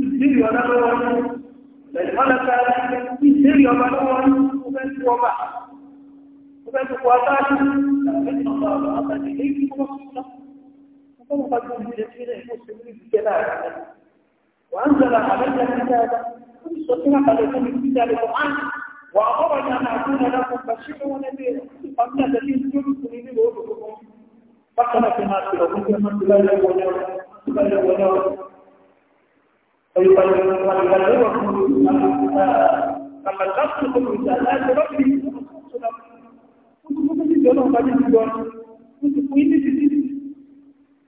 Speaker 1: ìsírí ọ̀nà lọ́wọ́ ní lẹ́yìnmọ́lá sáré ìsírí ọba lọ́wọ́ ní ọbẹ̀ tó ọba ọbẹ̀ tó kọ́ ọba ní ọbẹ̀ tó ọba ọba ní ilé ìfowó ọba ọba tó ń bẹ̀rẹ̀ sílẹ̀ ìfowó sílẹ̀ ìfìjẹ́ láàrin wọ́n ń sọ̀rọ̀ àbẹ́jẹ́ ní dáadáa ó ń sọ sínú àkàlẹ̀ fún mi títà lè wọ́n wà ọ̀rọ̀ ní àná àkúnlẹ̀ lọ́kùn bàṣírí wọn lẹ́bí ìpàmílẹ̀ tẹ̀lé ìjọ́rùkùnrin nílò òdòdó bákan náà fi ويبلغكم لما تخطب رسالات ربي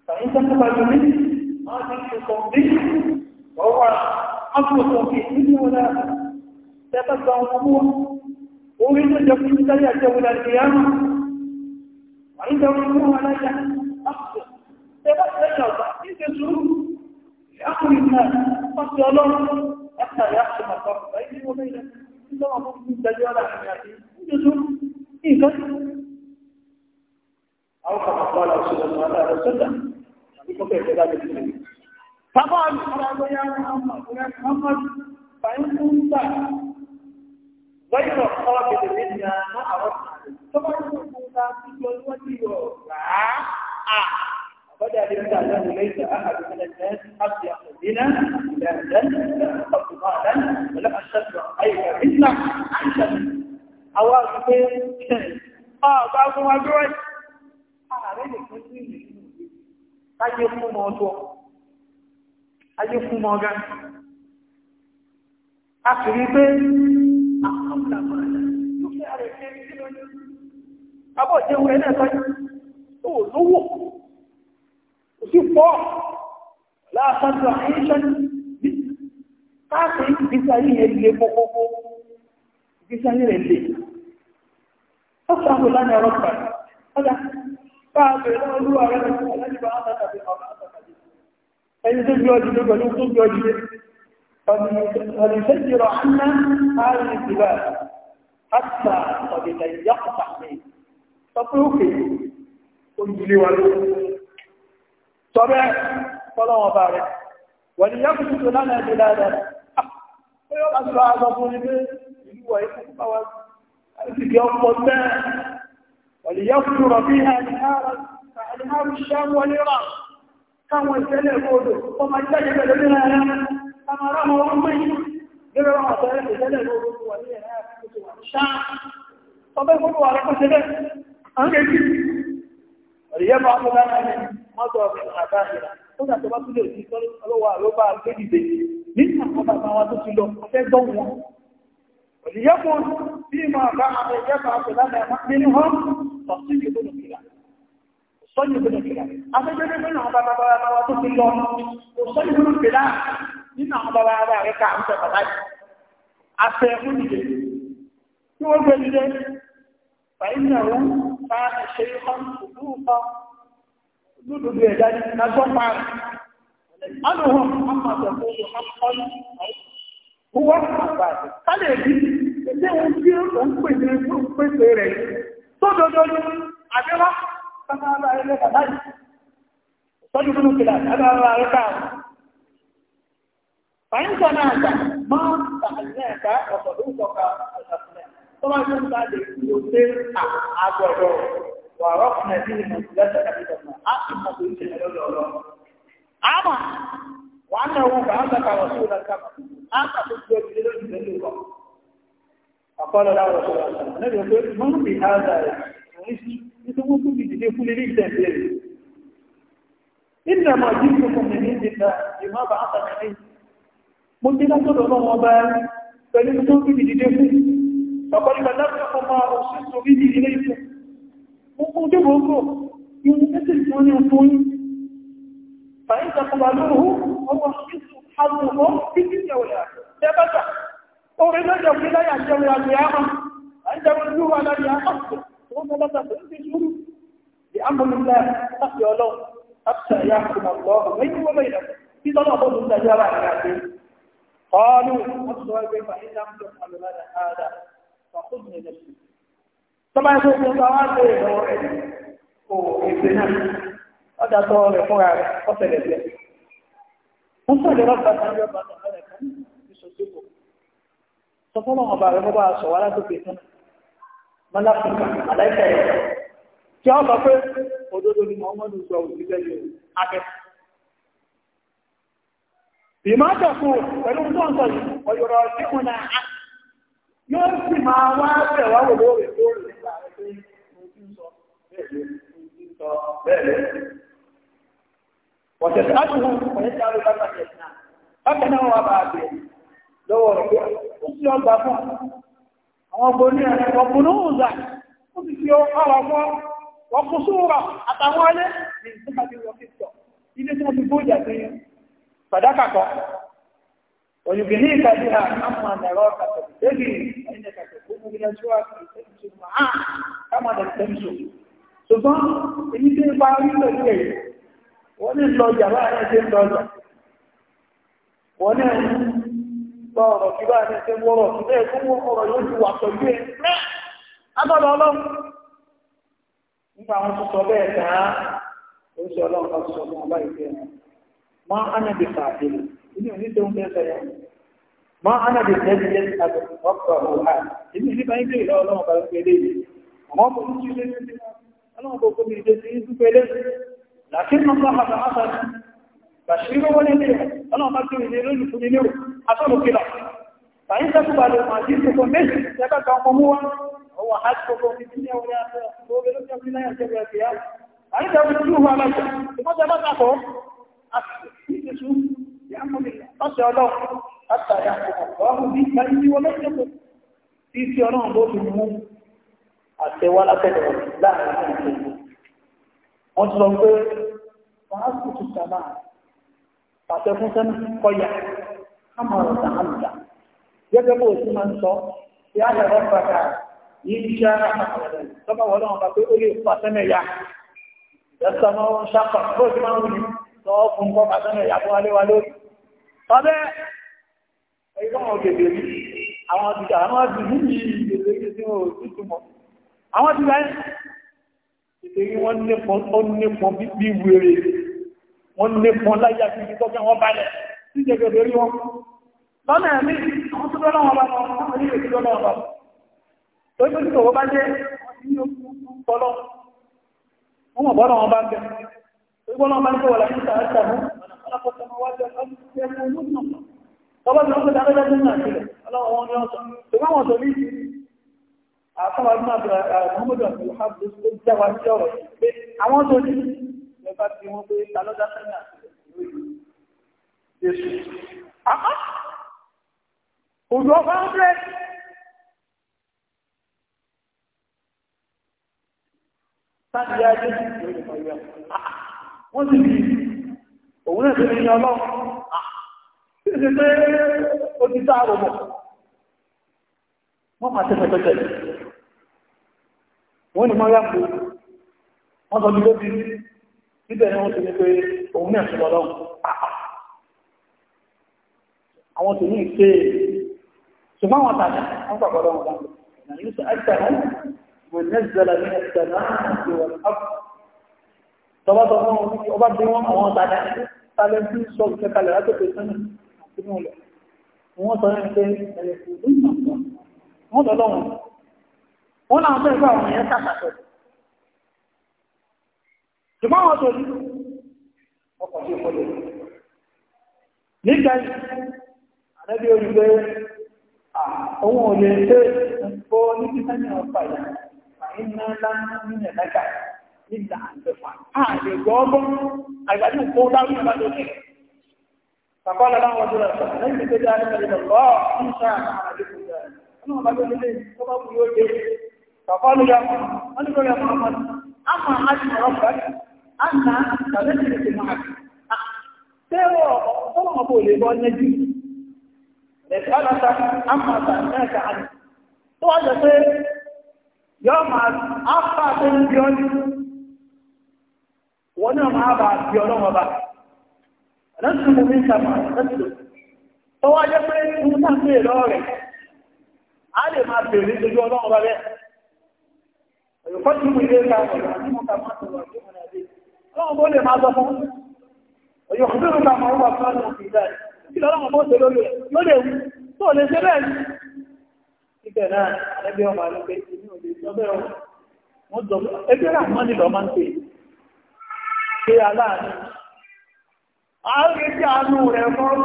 Speaker 1: فإن تقبل منه ما تنفقكم به وهو أصلكم في الدنيا ولا تتبع أمور أريد أن يكون ذلك يوم القيامة وعنده أمور ولا يحصل تبقى لك إن تسرور أخرج الناس قد يلوم حتى يحكم الفرق بيني وبينك عندما أقول من دجال حياتي يجوز إذا أو كما قال رسول الله صلى الله عليه وسلم بكفر كذلك النبي طبعا قال يا محمد يا محمد فإن كنت غير قابل منا ما أردنا طبعا كنت في الوجه لا قد علمت أنه ليس أحد من الناس أضيق بنا بهدا وقضالا ولم أشد أيها مثلك أنت أواقف آه بعض ما جوعت أعرفك káyé fún ọmọ ọjọ́ ayé fún ọmọ ọgá a sì rí pé àkọ́kọ́ àbọ̀ jẹun ẹ̀ náà kò sí pọ́ láàpájọ àyíṣẹ́ káàkiri ìgbésáyé yẹn lè kókókó ìgbésáyé rẹ̀ lè ọ̀sán àwọn ìlànà ẹ̀rọ pàdé ọjà káàkiri olúwa rẹ̀ lẹ́yìn tó bí ọdún lé pẹ̀lú tó bí ọdún lé فليفجر عنا هذا الانتباه حتى قد يقطع منه تطلقي قلت لي ولو tọ́bẹ́ fọ́lọ́wọ́ bá rẹ̀ wọ́n ni yẹ́kù tuntun lánàá ìdí dáadáa pé ah, ó lásìkò àgbà fún ní pé ìlú wọ̀ ikú bá wá sí ìdí ọ̀pọ̀ bẹ́ẹ̀ wọ́n ni yẹ́kù tó rọ̀ bí àìníhàrù ṣẹ́m wọlé rà káwọn ìṣẹ̀lẹ̀ kóòdù ọmọ àtọ́rẹ́ ìṣẹ̀lẹ̀ mọ́tò ọ̀fẹ́ àbáyà ó nà tó bá tún lè di sọ́rí ọlọ́wọ́ àlọ́bà méjìdè nínú àwọn bàbá wa tó ti lọ ọ̀fẹ́ gbọ́n wọn. òníyẹ́kùn bí mo àbá àwọn ìjẹ́fà àpòlánà nínú hàn sọ̀tún ìbùnú kìlà sọ́yìn ìbùnú kìlà afẹ́gbẹ́gbẹ́ nínú àwọn bàbá wa tó ti lọ kò sọ́yìn ìbùnú kìlà nínú àwọn bàbá wa rẹ̀ ká àmúṣe bàbá yìí afẹ́ fúnìyẹ tí wọ́n gbé nílé fàyínà òun bá ṣe lódodo ẹ̀dá ní lájọ́ pa rẹ̀. Anuhun Amadọ̀kọ̀ Amadọ̀kọ̀ Owó àgbà rẹ̀ ọrụ rí ẹgbẹ́ ó ń pè ní pèsè rẹ̀ tó dodo ní àbẹ́wá ara Tọ́jú ara rẹ̀ ká. náà máa ń ọ̀sàkùnrin. ń lè fi وعرفنا به منزلتك بدنا أقم قلت حلول الله أما وأنه بعثك رسولا كما أنت تسجد إلى الله فقال له رسول الله النبي يقول من بهذا يتمكن بدي كل ليك تنبيه إنما جئتكم من عند الله بما بعثنا إليه من بلا تدعو الله وبال فلم تكن بدي كل فقال بلغتكم ما أرسلت به إليكم kébòókò ìwọ̀n mẹ́sìn tí wọ́n ní fún yí fàyí ìjọba lóòrùn ọwọ́ ṣíṣù àwòrán títí jẹ́wọ̀lá tẹ́bàtà orí lọ́jọ́ pé láyà jẹ́wọ̀ àgbéyàmà àjẹ́wọ̀ ìlú wa láyà àpapọ̀ tó mọ́ lọ́ta tó ń fi ṣúrù bí ámọ́lúlá láti ọlọ́run láti ṣàyà àkùnà lọ́rùn lẹ́yìn wọ́n mẹ́rin tí lọ́nà ọgbọ́n ń dájú ara rẹ̀ àgbé قالوا tọ́bá ń sókún bá wá lè lọ rẹ̀ kò èsè náà ọjà tọ́ rẹ̀ fúnra rẹ̀ ọ̀sẹ̀lẹ̀ bẹ̀. wọ́n sọ̀rọ̀ lọ́pàá tàbí ọba tàbí kan ìṣòṣìbò sọ fún ọmọ ọba rẹ̀ bọ́ bá sọ wá látòkè tán mọ́láfíà àláìsà ẹ̀ tí wọ́n sọ pé òdodo ni Muhammadu sọ òṣìṣẹ́ yìí abẹ́. bìmọ́ àjọkù pẹ̀lú tó ń sọ yìí ọ̀yọ̀rọ̀ ọ̀sẹ̀ wọn náà yóò وتسأله ويسأل لك الإسلام فكنا هو بعد لو رجع أسي أبقى وبني وبنوزا أسي أرقى وقصورا أتوالى من ذهب وفضة إذا كان بوجة صدقك ويبنيك بها أما نراك تبتغي فإنك تكون من الجوع تمشي معاه كما تمشي ṣùgbọ́n èyí tí ń pa rí pẹ̀lú wọ́n ní lọ jàbá rẹ̀ tí wọ́n ní lọ ọ̀rọ̀ kí bá rẹ̀ wọ́rọ̀ kí bẹ́ẹ̀ ọ̀rọ̀ yóò ti wà ẹ̀ agbọ́dọ̀ ọlọ́run àwọn tó sọ bẹ́ẹ̀ ọlọ́run gbogbo mi ìdè sí ìsúpẹ́lẹ́ láti mọ́ bá àbá àbájú bàṣírò wọlé ní ọlọ́run bá tó ìdè lónìí fún ilé àtọ́lùkìlà fàyín sẹ́kùbà lè máa jí gbogbo méjì jẹ́ká kan ọmọ mú wa ọwọ́ àti gbogbo mi ti ní ọwọ́ yàtọ̀ tó bẹ lókè ọdún náà jẹ́ bẹ̀rẹ̀ fìyà fàyín sẹ́kùbà lè àtẹwá látẹ̀dọ̀ láàrin ìgbìmọ̀ wọ́n ti lọ pé wọ́n á sì tún sàmà pàṣẹ fún sẹ́nu kọyà àmọ́ ọ̀rọ̀ sàmàlùdà gẹ́gẹ́ bó sì máa ń sọ tí a yàrá pàtà yìí ń ṣe ara pàtàkì tọ́ba wọ́n lọ́wọ́ pé ó lè fún àtẹ́mẹ̀ ya ẹ̀sọ́ náà ń ṣàpà bó ti máa ń wù lọ́ fún kọ́ àtẹ́mẹ̀ ya fún wálé wa lórí. ọbẹ̀ ẹ̀yìn kọ́ àwọn òkèèrè àwọn àdìgbà àwọn àdìgbà yìí àwọn ti láyé ìtẹ̀rí wọ́n nípọn bí wèrè wọ́n nípọn láyà sí ibi tọ́jọ́ wọn balẹ̀ sí jẹgẹ̀dẹ̀ rí wọn lọ́nà ẹ̀mí àwọn tó lọ́nà wọn bá wọn láwọn ilé ìtì lọ́nà wọn tó tó tó wọ́n bá jẹ́ wọ́n ti ní okùn tọ́lọ́ wọ́n mọ̀ bọ́lọ́ wọn bá ń bẹ̀ tó gbọ́lọ́ wọn bá ń bẹ̀ wọ̀ láti sàásà mú ọlọ́pọ̀ àfọwọ́ ọdún àbúrò àbúrò àbúrò tó jáwa sí ọ̀rọ̀ pé àwọn tó ní ẹ̀fà tí wọ́n pé ta lọ́dá sẹ́yìn àti Jésù. Àmọ́ òjò ọba ń rẹ̀. Sáàdì ajé ah, wọ́n ti di òun náà tó ní ní ọlọ́run. Ṣé ah, ṣe pé ó ti sáà rọ̀ mọ̀? Wọ́n máa tẹ́fẹ̀ẹ́ tẹ́fẹ̀ẹ́ wọ́n ni mọ́rá pé wọ́n sọ lórí bí níbẹ̀ ni wọ́n ti ní pé òun náà ti lọ́lọ́run àwọn tó ní ìṣe ṣùgbọ́n wọn tàbí wọ́n pàpọ̀lọ́ wọn dáhùn ìrìnàlẹ́sọ àìsàn mọ̀lẹ́sẹ̀lẹ̀ ní ẹ̀sẹ̀ náà ti wọ̀ tọ́bátọ́ wọn ọba bí wọn àwọn tàbí tálẹ́ntì sọ ìkẹkalẹ̀ látòkè sẹ́nà àti ní ọlẹ̀ wọ́n sọ ní pé ó láwọn tó ẹgbẹ́ àwọn èèyàn sàkàtọ̀ ṣùgbọ́n àwọn tó ní ọkọ̀ tí ó lè nígbà àdẹ́bí orí pé àwọn òlè pé ó ní kí ọ̀pá ìyá àìná lánàá nílẹ̀ lẹ́gà nígbà àjẹfà ààrẹ gbọ́ọ́gbọ́ àgbàdì òkú dárí ìgbà tó kí Bàbá ọlọ́lá wọn jùlọ sọ, lẹ́yìn tó jẹ́ àdébẹ̀lẹ̀ lọ́ọ̀ ń sáà àwọn àdébẹ̀lẹ̀. Ọlọ́run bá gbé nílé, tó bá kú yóò dé, فقالوا يا قالوا يا محمد أما عجل ربك أن تنزل معك سوى ثم أقول لبا النجي نسألك أما سألناك عنه تواجه سير يوم أفا تنبيون ونوم أبا بيولوم أبا نسلم من سماء نسلم تواجه سير موسى في لوري علي ما بيولي تجولوم أبا بيه ويقدم إليك ويعلمك ما تراجعنا به اللهم قول ما ظفر ويخبرك ما هو قاله في ذلك إلا لما قلت له يولي طول زمان إذا أنا أبي وما لك ẹgbẹ́ rahman lọ máa ń pè ṣe aláàrin ààrẹ tí àánú rẹ̀ mọ́rún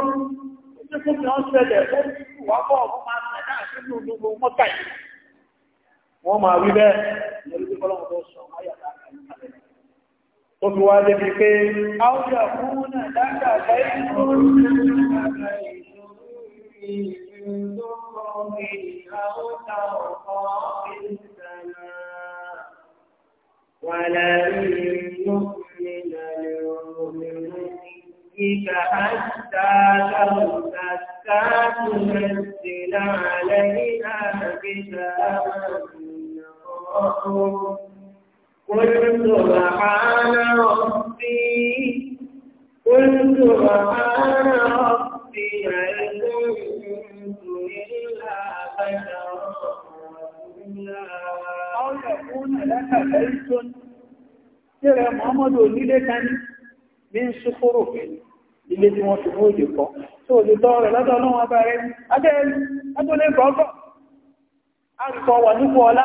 Speaker 1: ó tí fún mi ọ́n ṣẹlẹ̀ ó ti wà bọ́ ọ̀fún máa ṣẹlẹ̀ àṣínú gbogbo mọ́ta yìí wọ́n máa wí bẹ́ẹ̀ lórí tí kọ́lọ́wọ́ tó sọ wáyàtà tó fi wá débi pé áwùjọ fún náà dáadáa bẹ́ẹ̀ علينا بسلام قلت
Speaker 2: سبحان
Speaker 1: ربي قلت سبحان ربي هل كنت إلا بشرا أو يكون لك بيت يا محمد وليد كان من سخرك ilé tí wọ́n fi bóòdì kọ́ tí ò lè tọ́ rẹ̀ lọ́dọ̀ ọlọ́run abẹ́rẹ́ adẹ́rẹ́ agbólé gbọ́gbọ́ àrùkọ wà nípò ọlá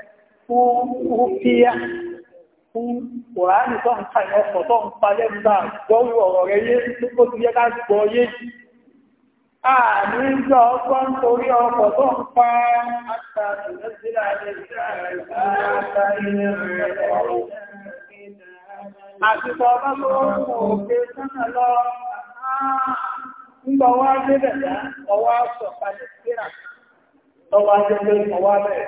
Speaker 1: fún rúfíà fún kòránì tó ń kàyẹ ọ̀pọ̀ tó ń palẹ́ gbà gbọ́rù ọ̀rọ̀ rẹ yé tó ti yẹ ká gbọ́ yé àmì ń ń torí ọkọ̀ tó ń pa àti ọba tó ń mọ̀ òkè sánà lọ ń síra ọwá bẹ̀rẹ̀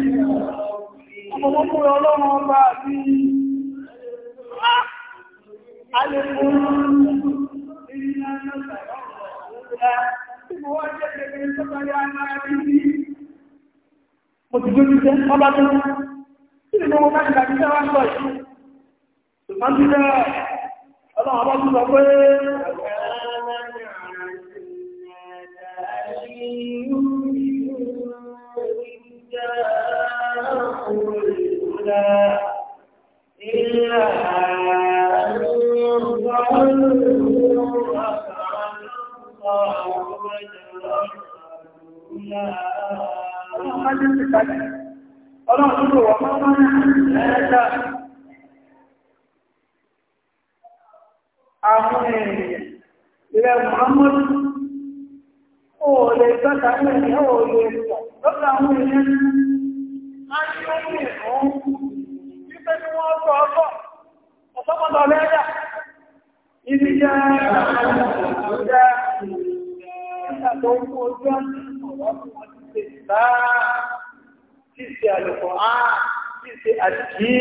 Speaker 1: ọmọkúrò ọlọ́run ọba àti alẹ́kùn Mo ti gbé jíjẹ ọba tó ń tí ni mo ká ìgbà jíjẹ wá ń sọ yìí. Ṣùgbọ́n jíjẹ ọlọ́run ọba tó sọ pé Thank you. Àwọn ènìyàn ilẹ̀ Muhammadu, ó lè gbọ́ta ní ẹ̀yẹ́ òye ìpọ̀ lọ́pàá àwọn ènìyàn. A ní ọmọ ẹ̀rú títẹ́ tí wọ́n sọ ọ̀sọ́ ọ̀sọ́pọ̀lọ̀ lẹ́yà ìdí jẹ́ ìjẹ́ ìjàtọ̀ ojú ọjọ́ ọ̀rọ̀ tí wọ́n ti ṣe ìbá tí ṣe àlùkọ̀ á tí ṣe àjíjí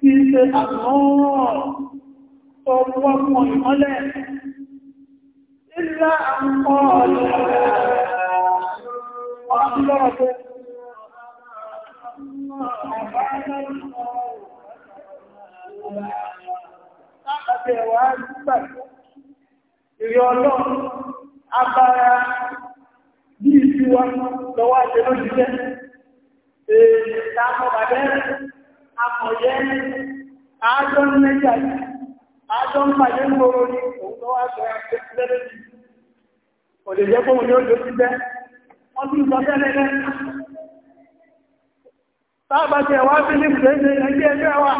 Speaker 1: tí ṣe àmọ́ tó wọ́n fún ìmọ́lẹ̀ Ilá àwọn ọ̀rọ̀ ọ̀rọ̀ Àbẹ̀ wà nígbà ìrìn ọlọ́run abára bí ìsí wa lọ́wọ́ àti lójíṣẹ́. Èèrè tààmọ̀ bàbẹ́ àmọ̀yẹ́ àádọ́ mẹ́jà àádọ́ pàdé ń gbòrò ní òun lọ́wọ́ àti lẹ́lẹ́jì. Òdè jẹ́ fóun ni ó lò sí bẹ́. Wọ́n tún sọ tẹ́lẹ́lẹ́ tábà tí ẹwà sí ní ìgbẹ́gbẹ́ ẹgbẹ́ ẹgbẹ́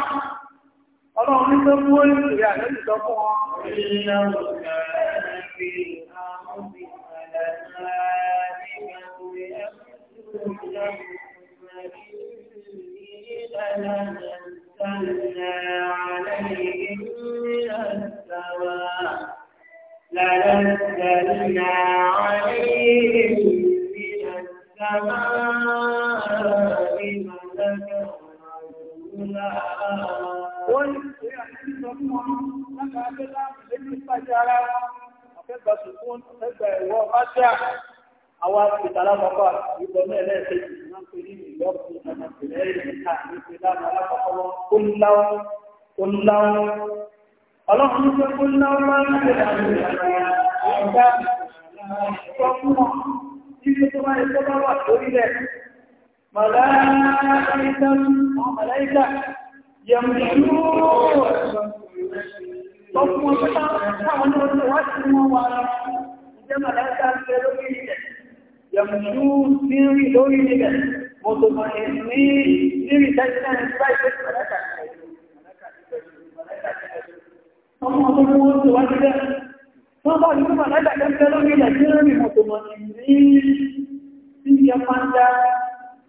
Speaker 1: Wọ́n ní pé àti ìjọmọ́ lágbàá pé láàrín lé ní pàdé ara wọn, ọ̀fẹ́gbà ṣùgbọ́n ọ̀fẹ́gbà ẹ̀wọ́ bá jẹ́ àwọn ìtàlá mọ́kọ̀ ìgbọ̀nà ẹlẹ́ẹ̀kẹ́ ìgbọ̀nà pé ní ìyọ́pù ọmọ ìpìlẹ̀ ìrìnká ní pé láàrín alákọ̀ọ́wọ́ ó ń láwọn ó ń láwọn ọlọ́run ní pé ó ń láwọn máa ń pè láàrín ìgbà ìgbà ìgbà ملائكة ملائكة
Speaker 2: يمشون
Speaker 1: ثم تتعلم واسم وعلم ملائكة يمشون سيري دوري لك مطمئنين سيري تجنان سبايك ملائكة ثم تقول واسم ثم تقول ملائكة يمشون سيري دوري لك مطمئنين سيري تجنان سبايك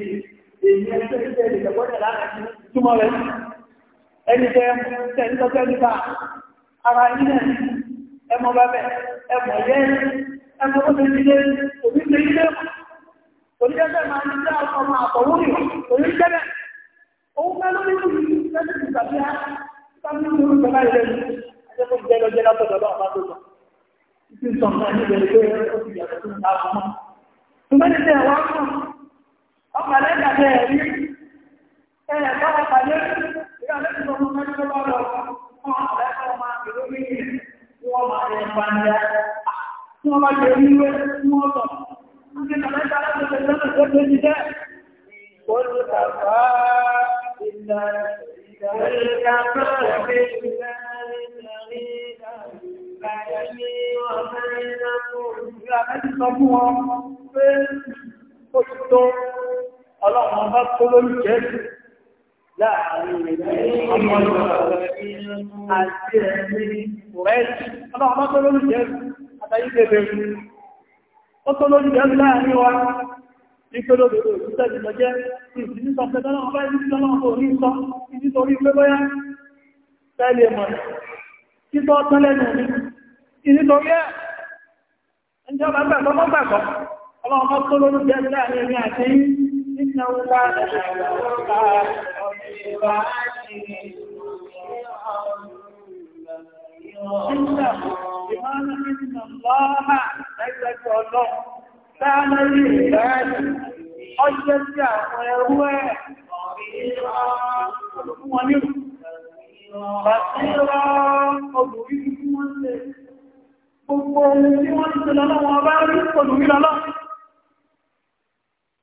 Speaker 1: èyí ẹgbẹ́ títẹ̀ ìdẹ̀gbọ́dẹ̀ láàrín túmọ̀ rẹ̀ ẹni tẹ́ tẹ́ni tọ́jọ́ nípa ara nílẹ̀ ẹmọ bàbẹ̀ ẹmọ yẹ́ ẹmọ tó ti nílé òbí ti nílé oníjẹ́bẹ̀ máa ń dá ọmọ àpọ̀wúrì oníjẹ́bẹ̀ òun fẹ́ lórí ìlú lẹ́sìn ìgbàgbé sábí ní orúkọ náà ilé yìí ajẹ́kọ̀ọ́ jẹ́lọ́jẹ́ látọ̀dọ̀ ọba tó lọ ìsìn sọ̀rọ̀ náà nílẹ̀ ilé ó ti yàtọ̀ sí ìgbà ọmọ ẹlẹ́dà bẹ́ ẹ̀ ẹ̀rẹ̀ bá pàdé ìyá lẹ́sìn tó mú mẹ́rin lọ́wọ́ lọ fún àwọn ẹ̀kọ́ máa ìlú mi wọ́n máa rẹ̀ pàdé tí wọ́n bá jẹ ìwé tí wọ́n sọ ní kàmẹ́ta láti ṣe lọ́nà tó tó ti jẹ́ ìkọlù tàbá ìlà ìgbà tó rẹ̀ ìlà ìlà ìlà ìlà ó ti tó ọlọ́run bá tó lórí jẹ́ láàrin ọmọ ìrọ̀lẹ́ àti ẹ̀mí rẹ̀ẹ́sì ọlọ́run bá tó lórí jẹ́ àtàyí bẹ̀rẹ̀ ó tó lórí jẹ́ láàrin wa ní pé lóbèrè òṣìṣẹ́ ìjọ jẹ́ ìsìnkú sọ pé tọ́lọ́run bá ìsìnkú ọlọ́run kò ní sọ nítorí pé bóyá tẹ́lẹ̀ mọ̀ títọ́ tọ́lẹ́nu ní nítorí ẹ̀ ń jọba gbàgbọ́ gbàgbọ́
Speaker 2: اللهم اغفر لنا جميعا إنه
Speaker 1: كان إن الله ليس الله كان للعباد حجة ويروى Bàtíra ọdún ìgbìmọ̀ ṣe, gbogbo ohun tí wọ́n ti lọ́lọ́wọ́ bá rí ọdún ìlọ́lọ́wọ́.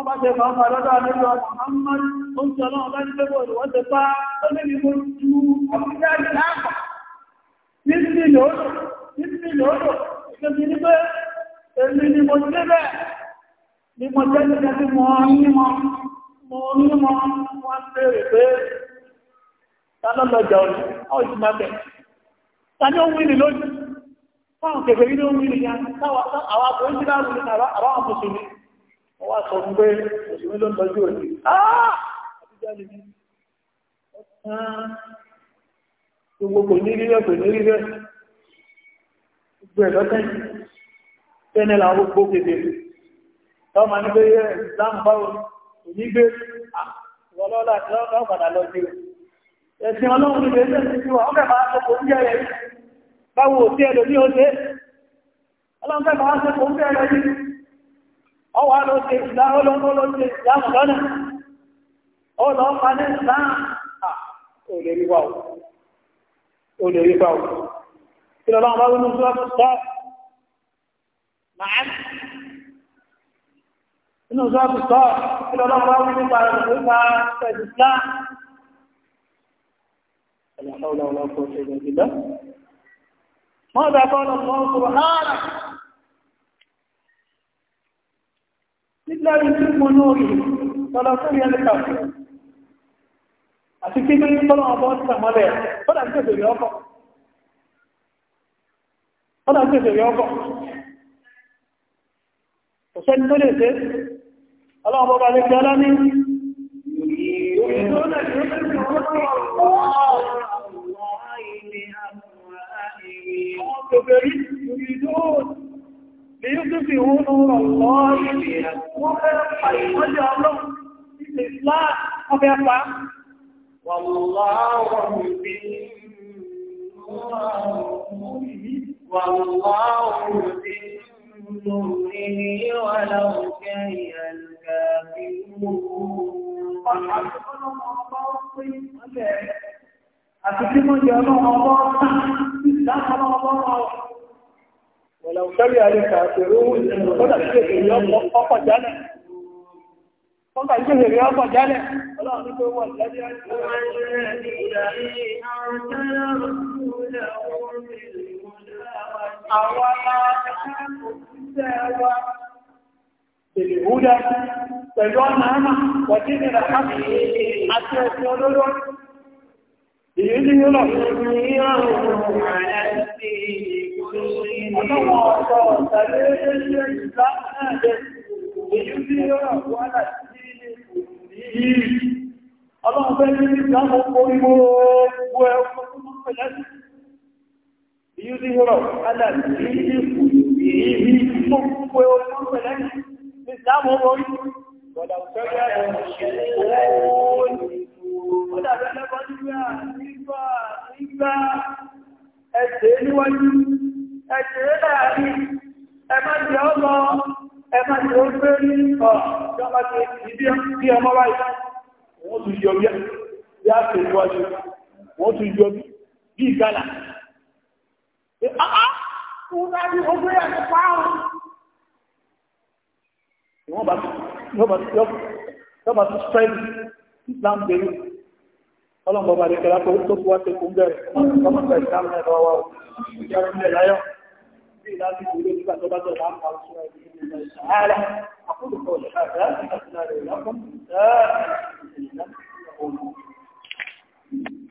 Speaker 1: wọ́n bá ṣe fàáfà lọ́dọ̀ àlejò Muhammad tó ń sọ́lọ́ ọ̀gá ní pẹ́bọ̀ ìwọ́n ti pa tó níbi mo ju àbújá ní láàpá níbi fáwọn kẹfẹ́ yìí ló wí ya àwọn àbúrò sí láàrú ní àwọn àbúrò sí wọ́n wá sọ fún pé òṣèlú ló ń tọ́jú òní ah! àbújáde ní gbogbo kò ní rírẹ̀ kò ní rírẹ̀ gbogbo ẹ̀ lọ́tẹ̀ tẹ́nẹ̀ làwọn gbogbo gbèdè tọ́mà ní pé ìsìláàmù báwo kò ní gbé ah! wọlọ́lá àti lọ́wọ́ padà lọ sí ẹ̀sìn ọlọ́run ní bẹ̀rẹ̀ sí wa ọkẹ̀ máa sọ ọwà ló ṣe ìsìláà olóńgbò ló ṣe ìsìláà lọ́nà ó lọ pa ní ìsìláà ó lè rí wà ó lè rí wà ó kí lọ́lọ́wọ́ bá wínú sọ́ọ́ tó sọ́ màá inú sọ́ọ́ tó sọ́ kí lọ́lọ́wọ́ bá wínú pa nípa ìsìláà لا حول ولا قوة إلا بالله ماذا قال الله سبحانه nígbàrí tí mo náà rí tọ́lọ tó rí ẹlẹ́ta àti kí ní tọ́lọ ọbọ̀ ti sàmọ́lẹ̀ ọ́dà tí èdè rí ọkọ̀ òṣèlú tó lè ṣe ọlọ́ọ̀bọ̀ bá lè jẹ́ ọlá ní Ìrìnlọ́nà ليطفئوا نور الله والله يؤمن والله يؤمن نوره ولو كره الكافرون. أتكلم يا الله الله إسلام الله الله Ọ̀làwù sẹ́rí ààrẹ ọmọ ìrìnlẹ̀ ní ràkàkì àti ẹ̀sìn olóró. Ìyí ni yóò lọ. Ìyí ni yóò Ọlọ́wọ́ ọ̀tọ̀ ọ̀tàlẹ́ ẹgbẹ́ ìgbà náà jẹ́ èyí tí ó rà wọ́n láti ní Ọlọ́run fẹ́ ní ìdámọ́ orí gbogbo ẹ̀kọ́ tó mọ́ pẹ̀lẹ́ sí. Ìyú sí ọ̀rọ̀, aláàrí ìlú ìhì tó gbogbo orí mọ́ pẹ̀lẹ́ sí. Ìdámọ́ orí, wọ̀dà òṣèré ẹ̀rọ ṣe oóòrùn. Wọ́dà rẹ̀ lẹ́kọ́ ẹ̀ṣẹ̀ dàbí ẹmà tí ó lọ ẹmà tí ó gbé ní ọ̀jọba tí ìbí bí ọmọ báyìí wọ́n tún yọ bí i á tẹ̀ wájú wọ́n tún yọ bí i gálà Wọ́n bá tún sẹ́lì Islam bèèrè, ọlọ́mọ̀bà rẹ̀ tó fún bẹ̀rẹ̀, ọmọ ìsàmì ẹ̀rọ wa ó, ìjọ́ ìrìnlẹ̀ láyọ́. لازم يقولون لك تبادل عن رسول الله تعالى أقول قول هذا أستغفر لكم لا إله إلا الله